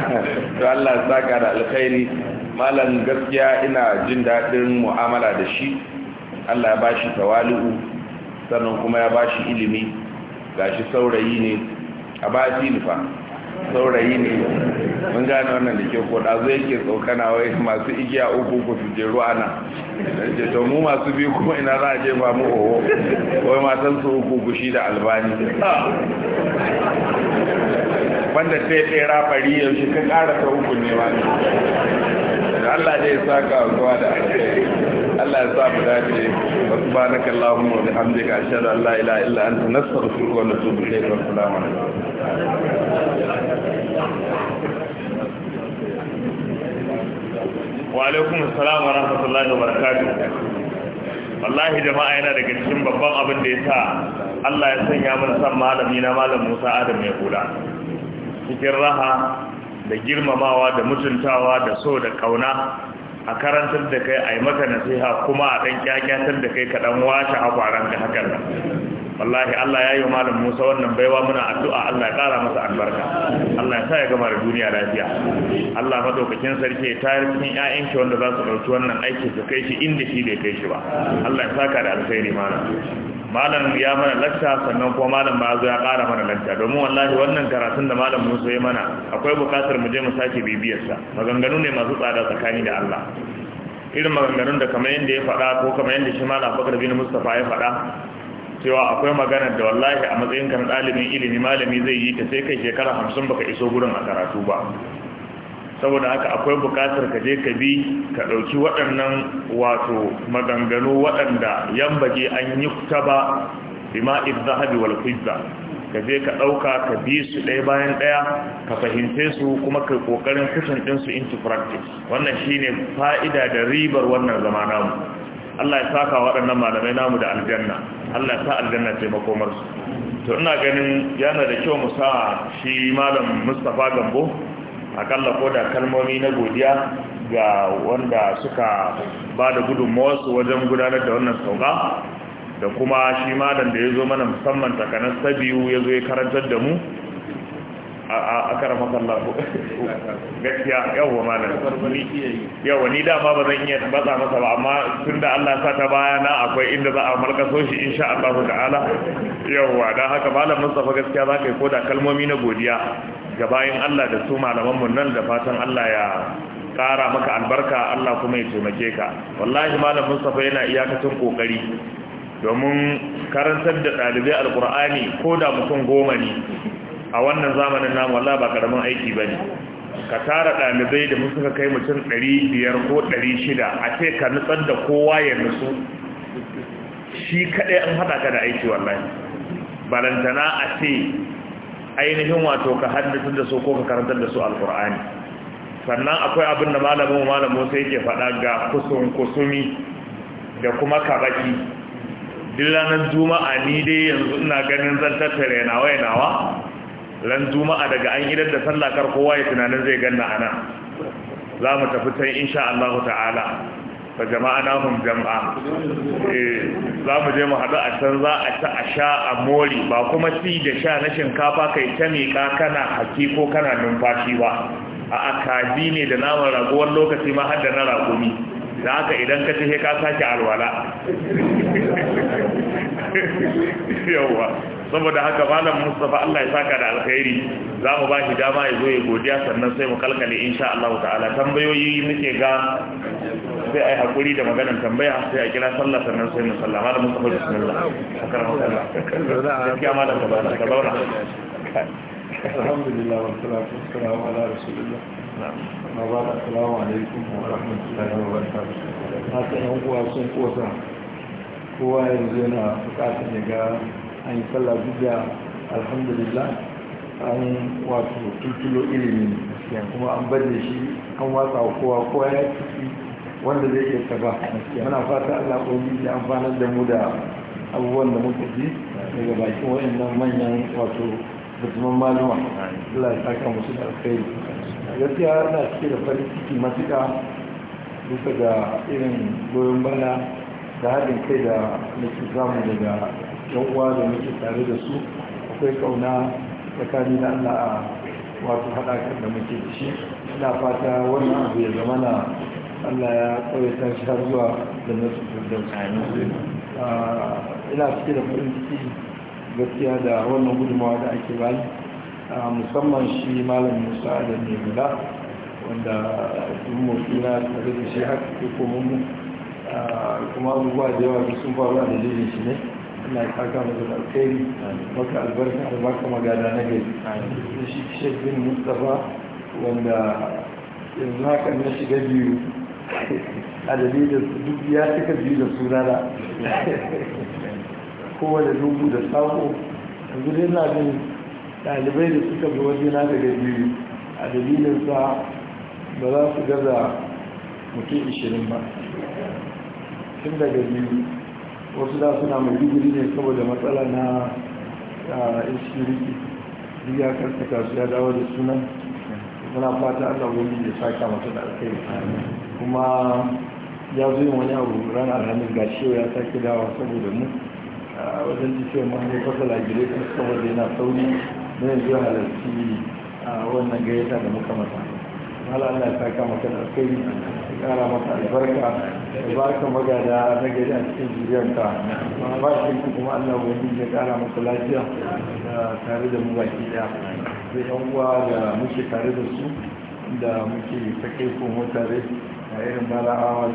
[SPEAKER 2] to Allah ya saka da alkhairi malam gaskiya ina jin daɗin mu'amala da shi Allah ya ba shi tawali'u sannan kuma ya ba shi ilimi gashi saurayi ne a ba fa saurayi ne mun gane wannan da ke koda zai ke tsokana wai masu igiya uku ku su je ruwa na ce to mu masu biyu kuma ina za a je ba mu oho wai matan su uku shi da albani Wanda ta yi rafari yaushe ka ƙara ta uku ne ba ne Allah zai saka zuwa da ake Allah ya sa mu dace wa subhanaka allahumma wa bihamdika ashhadu an la ilaha illa anta nastaghfiruka wa natubu ilayk wa assalamu alaikum
[SPEAKER 3] wa alaikum
[SPEAKER 6] assalam wa rahmatullahi wa barakatuh wallahi jama'a yana daga cikin babban abin da ya sa Allah ya sanya mana san malami na malam Musa Adam ya kula cikin raha da girmamawa da mutuntawa da so da kauna a karantar da kai a yi maka nasiha kuma a ɗan kyakkyatar da kai kaɗan ɗan a akwaran da hakan nan wallahi Allah ya yi wa malam Musa wannan baiwa muna addu'a Allah ya ƙara masa albarka Allah ya sa ya gama da duniya lafiya Allah madaukakin sarki ya tayar cikin ƴaƴan shi wanda za su ɗauki wannan aiki su kai shi inda shi bai kai shi ba Allah ya saka da alkhairi malam malam ya mana lakta sannan kuma malam ba zo ya kara mana lakta domin wallahi wannan karatun da malam Musa ya mana akwai bukatar mu je mu sake sa maganganu ne masu tsada tsakani da Allah irin maganganun da kamar yadda ya faɗa ko kamar yadda shi malam bakar bin mustafa ya faɗa cewa akwai maganar da wallahi a matsayin kan ɗalibin ilimi malami zai yi ta sai kai shekara hamsin baka iso gurin a karatu ba saboda haka akwai bukatar ka je ka bi ka ɗauki waɗannan wato maganganu waɗanda yan baje an yi ta ba bima izahabi wal fizza ka je ka ɗauka ka bi su ɗaya bayan ɗaya ka fahimce su kuma ka ƙoƙarin din su into practice wannan shine fa'ida da ribar wannan zama namu Allah ya saka waɗannan malamai namu da aljanna Allah ya sa aljanna ce makomarsu to ina ganin yana da kyau mu sa shi malam Mustapha Gambo akalla ko da kalmomi na godiya ga wanda suka ba da gudunmawarsu wajen gudanar da wannan sauka da kuma shi malam da ya zo mana musamman takanar ta biyu ya zo ya karantar da mu a karama kallahu gaskiya yawwa malam yawwa ni dama ba zan iya batsa masa ba amma tun da Allah sa ta bayana akwai inda za a malkaso shi insha Allah ta'ala yawwa da haka malam Mustafa gaskiya za ka yi koda kalmomi na godiya ga bayan Allah da su malamanmu nan da fatan Allah ya kara maka albarka Allah kuma ya taimake ka wallahi malam Mustafa yana iyakacin kokari domin karantar da ɗalibai alkur'ani ko da mutum goma ne a wannan zamanin namu Allah ba karamin aiki bane ka tara dalibai da mun suka kai mutum 500 ko 600 a ce ka nutsar da kowa ya nutsu shi kaɗai an hada ka da aiki wallahi balantana a ce ainihin wato ka haddasa da su ko ka karantar da su alqur'ani sannan akwai abin da malamin malamin sai yake faɗa ga kusun kusumi da kuma kabaki Dillanan juma'a ni dai yanzu ina ganin zan tattare nawa nawa ran juma'a daga an idar da sallah kar kowa ya tunanin zai ganna ana za mu tafi can insha Allah ta'ala fa jama'a na hum jama'a eh za mu je mu haɗu a can za a ta a sha a mori ba kuma ci da sha na shinkafa kai ta miƙa kana haki ko kana numfashi ba a akaji ne da naman ragowar lokaci ma har da na ragumi da haka idan ka tahe ka sake alwala
[SPEAKER 3] <laughs>
[SPEAKER 6] yawwa saboda haka malam Mustafa Allah ya saka da alkhairi za mu ba shi dama ya zo ya godiya sannan sai mu kalkale insha Allah ta'ala tambayoyi muke ga sai ai hakuri da maganar tambaya sai a kira sallah sannan sai mu sallah malam Mustafa bismillah akramu Allah gaskiya malam ka tabaraka alhamdulillah
[SPEAKER 4] wa salatu wassalamu ala rasulillah na ba salamu alaikum wa rahmatullahi wa barakatuh haka yan uwa sun kosa kowa yanzu yana bukatar ya ga an yi sallah duk alhamdulillah an wato tutulo ilimi ne kuma an bade shi an watsa kowa kowa ya ciki wanda zai iya taba muna fata allah ƙoƙi da amfanar da mu da abubuwan da muka ji daga bakin waɗannan manyan wato batuman malama allah ya saka musu da alkhairi gaskiya na cike da farin ciki matuƙa bisa ga irin goyon bana da haɗin kai da nake samu daga yan uwa da muke tare da su akwai kauna tsakani na Allah a wato haɗakar da muke da shi ina fata wannan abu ya zama na Allah ya ta shi har zuwa da nasu su ina cike da farin ciki gaskiya da wannan gudunmawa da ake bani ah, musamman shi malam musa da nebula wanda motsi na tare da shi haka ah, kuma abubuwa da yawa sun faru a dalilin shi ne na yi kaka mu da alkhairi maka albarka a baka magana na gari da shi shek bin mustapha wanda yanzu haka na shiga biyu a dalilin duk ya cika biyu da sunana kowane dubu da sako yanzu dai na jin ɗalibai da suka bi wajena daga biyu a dalilin sa ba za su gaza mutum ishirin ba tun daga biyu wasu da suna mai digiri ne saboda matsala na ishiriki duk ya karkata kasu ya dawo da sunan suna fata allah ne sake saka masu da alkai kuma ya zo yin wani abu ran alhamis ga shi ya sake dawa saboda mu wajen cikin mahimmi fasala gire kuma saboda yana sauri na yanzu halarci wannan gayyata da muka hal Allah ya saka maka da kai ya kara maka albarka albarka magada na gari a cikin zuriyarka ba shi kuma Allah wani ya kara maka lafiya tare da mu baki daya da yan uwa da muke tare da su da muke ta kai komo tare a irin mala'awa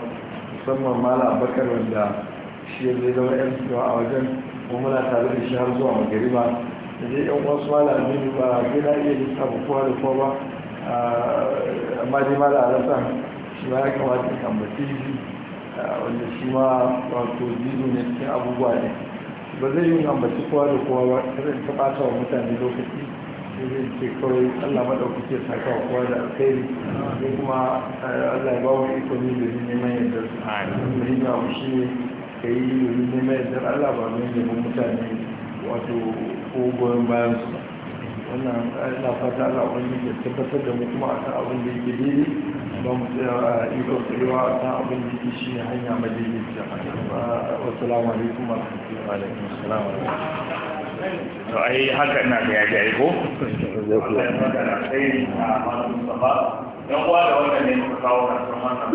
[SPEAKER 4] musamman mala abakar wanda shi ya zai zama yan fitowa a wajen ko muna tare da shi har zuwa magariba da dai yan wasu mala aminu ba gina iya lissafa kowa da kowa ba Ah, amma dai ma da alasa shi ma ya kamata ya ambace shi ah, wanda shi ma wato zizo ne cikin abubuwa ne ba zai yi ambaci kowa da kowa ba irin ta ɓata wa mutane lokaci zai ce kawai allah maɗaukake saka wa kowa da alkhairi ko kuma ah, allah ya ba mu iko ne zai neman yadda su muhimmi abu shi ne ka yi domin neman yadda allah ba zai neman mutane wato ko goyon bayan su ba wannan ina fata Allah wani da tabbatar da mu kuma akan abin da yake daidai ba mu tsaya a ido tsayawa akan abin da yake shi hanya mai daidaita wasu alaikum wa rahmatullahi wa
[SPEAKER 3] barakatuh to ai haka ina da yaji ai ko Allah ya magana
[SPEAKER 6] sai a malamin saba dan uwa da wannan ne muka kawo kan wannan